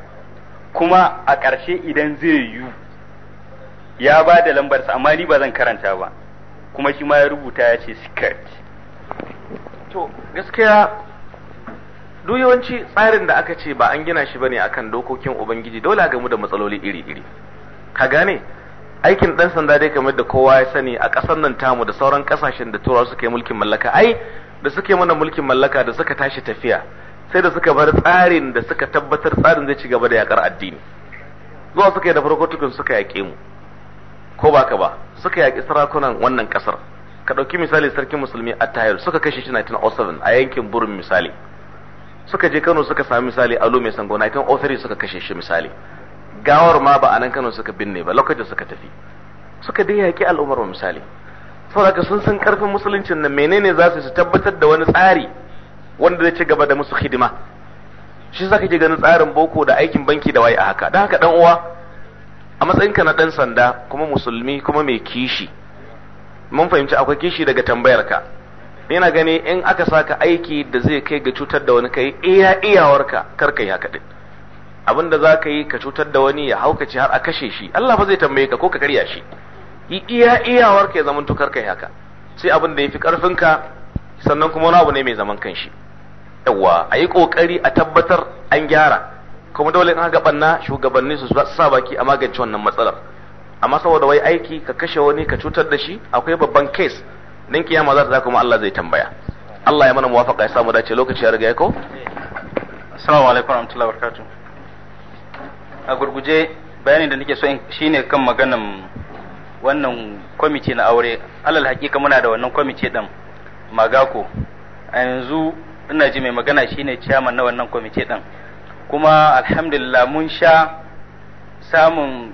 kuma a ƙarshe idan zai yiwu ya ba da lambarsa amma ni ba zan karanta ba kuma shi ma ya rubuta ya ce skirt to gaskiya duk yawanci tsarin da aka ce ba an gina shi bane akan dokokin ubangiji dole a gamu da matsaloli iri-iri ka gane aikin dan sanda dai kamar da kowa ya sani a ƙasar nan tamu da sauran ƙasashen da turawa suka yi mulkin mallaka ai da suke mana mulkin mallaka da suka tashi tafiya sai da suka bar tsarin da suka tabbatar tsarin zai ci gaba da yakar addini zuwa suka yi da farko tukun suka yaƙe mu ko ba ka ba suka yaƙi sarakunan wannan ƙasar ka ɗauki misali sarkin musulmi a tahir suka kashe shi 1907 a yankin burin misali suka je kano suka sami misali alo mai sango 1903 suka kashe shi misali gawar ma ba a nan kano suka binne ba lokacin suka tafi suka dai yaƙi al'ummar misali saboda sun san karfin musuluncin nan menene za su tabbatar da wani tsari wanda zai ci gaba da musu hidima shi sa kake ganin tsarin boko da aikin banki da waye a haka dan haka dan uwa a matsayinka na dan sanda kuma musulmi kuma mai kishi mun fahimci akwai kishi daga tambayarka ina gani in aka saka aiki da zai kai ga cutar da wani kai iya iyawarka kar kai haka din abin da za ka yi ka cutar da wani ya haukace har a kashe shi Allah fa zai tambaye ka ko ka karya shi yi iya iyawarka ya zamanto kar kai haka sai abin da ya fi karfinka sannan kuma wani abu ne mai zaman kanshi yawa a yi kokari a tabbatar an gyara kuma dole in haka banna shugabanni su sa baki a magance wannan matsalar amma saboda wai aiki ka kashe wani ka cutar da shi akwai babban case nan kiyama za ta kuma Allah zai tambaya Allah ya mana muwafaqa ya samu dace lokaci ya riga ya ko assalamu alaikum warahmatullahi wabarakatuh a gurguje bayanin da nake so shine kan maganan wannan kwamiti na aure alal hakika muna da wannan kwamiti din magako a yanzu ina ji mai magana shine chairman na wannan kwamiti din kuma alhamdulillah mun sha samun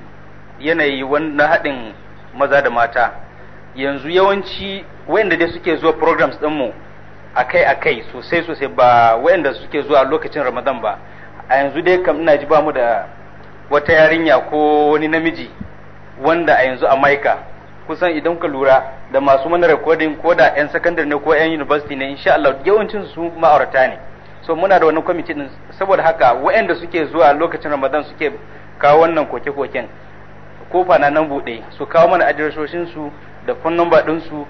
yanayi na haɗin maza da mata yanzu yawanci wayanda dai suke zuwa programs ɗinmu akai akai sosai sosai ba wayanda suke zuwa lokacin ramadan ba a yanzu dai kam ina ji ba mu da wata yarinya ko wani namiji wanda a yanzu a maika kusan idan ka lura da masu mana recording ko da yan secondary ne ko yan university ne insha Allah yawancin su ma'aurata ne so muna da wani committee din saboda haka waɗanda suke zuwa lokacin Ramadan suke kawo wannan koke-koken kofa na nan buɗe su kawo mana adiresoshin su da phone number din su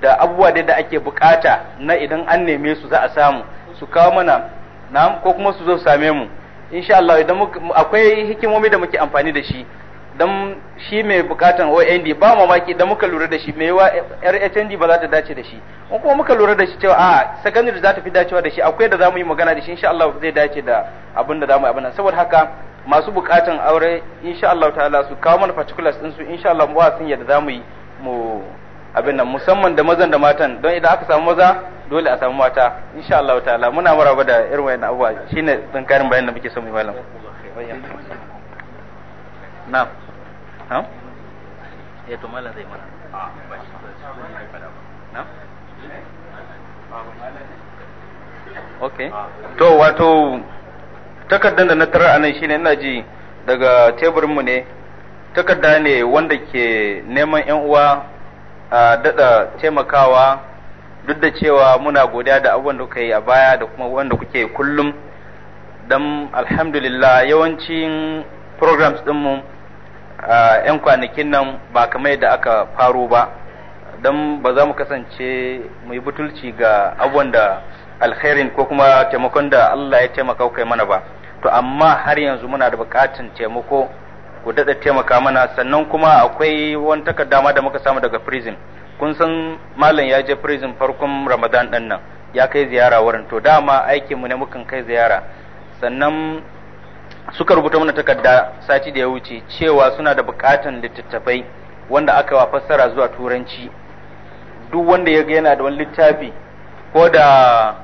da abubuwa da ake bukata na idan an neme su za a samu su kawo mana na ko kuma su zo same mu insha Allah idan akwai hikimomi da muke amfani da shi dan shi mai bukatan OND ba mamaki da muka lura da shi mai yawa RHND ba za ta dace da shi in kuma muka lura da shi cewa a secondary za ta fi dacewa da shi akwai da zamu yi magana da shi insha Allah zai dace da abin da zamu yi abin saboda haka masu bukatan aure insha Allah ta'ala su kawo mana particulars din su insha Allah mu sun yadda zamu yi mu abin nan musamman da mazan da matan don idan aka samu maza dole a samu mata insha Allah ta'ala muna maraba da irin wayannan abubuwa shine tsinkarin bayanin da muke so mu yi malam na'am ha ah, ah. to zai mana a ba shi na wato takardar da na tarar anan shine ina ji daga teburinmu ne takarda ne wanda ke neman yan uwa a dada taimakawa duk da cewa muna godiya da abubuwan da kuka yi a baya da kuma wanda kuke kullum don alhamdulillah yawancin programs mu. 'yan kwanakin nan ba kamar yadda aka faro ba don ba za mu kasance mu yi butulci ga abubuwan da alkhairin ko kuma taimakon da Allah ya taimaka kai mana ba to amma har yanzu muna da bukatun taimako ku daɗa taimaka mana sannan kuma akwai wani takarda da muka samu daga prison kun san malam ya je prison farkon ramadan ɗin nan ya kai ziyara wurin to dama aikinmu ne mukan kai ziyara sannan suka rubuta mana takarda sati da ya wuce cewa suna da bukatan littattafai wanda aka wa fassara zuwa turanci duk wanda ya yana da wani littafi ko da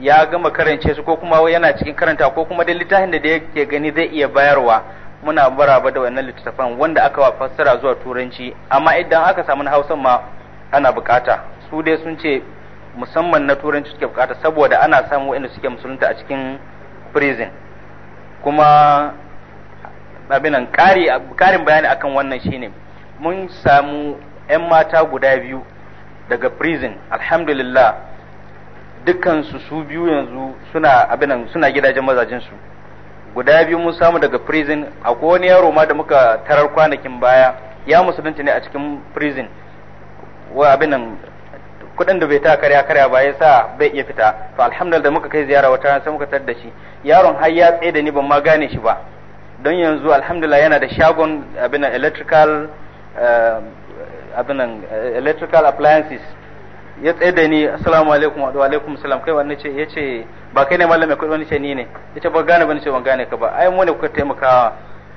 ya gama karance su ko kuma yana cikin karanta ko kuma da littafin da ya ke gani zai iya bayarwa muna baraba da wannan littattafan wanda aka wa fassara zuwa turanci amma idan aka samu na hausa ma ana bukata su dai sun ce musamman na turanci suke bukata saboda ana samu wa'inda suke musulunta a cikin prison kuma abinan ƙarin bayani akan wannan shine mun samu 'yan mata guda biyu daga prison alhamdulillah dukansu su biyu yanzu suna abinan suna gidajen mazajinsu guda biyu mun samu daga prison akwai wani yaro ma da muka tarar kwanakin baya ya musulunci ne a cikin prison wa abinan kuɗin da bai ta karya karya ba ya sa bai iya fita to alhamdulillah muka kai ziyara wata sai muka tar da shi yaron har ya tsaye da ni ban ma gane shi ba don yanzu alhamdulillah yana da shagon abin electrical eh, abin eh, electrical appliances ya tsaye da ni assalamu alaikum wa alaikum salam kai wani ce yace ba kai ne mallam mai kuɗi wani ce ni ne yace ba gane bane ce ban gane ka ba ai mu ne kuka taimakawa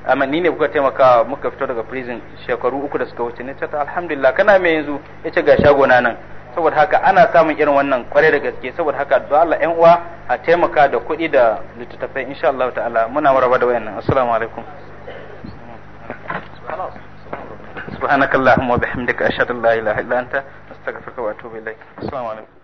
amma ni ne kuka taimaka muka fito daga prison shekaru uku da suka wuce ne ta alhamdulillah kana me yanzu yace ga shagona nan saboda haka ana samun irin wannan kwarai da gaske saboda haka don Allah ƴan uwa a taimaka da kuɗi da littattafai insha Allah ta'ala muna maraba da wayannan assalamu alaikum subhanakallahumma wa bihamdika ashhadu an la ilaha illa anta astaghfiruka wa atubu ilaik assalamu alaikum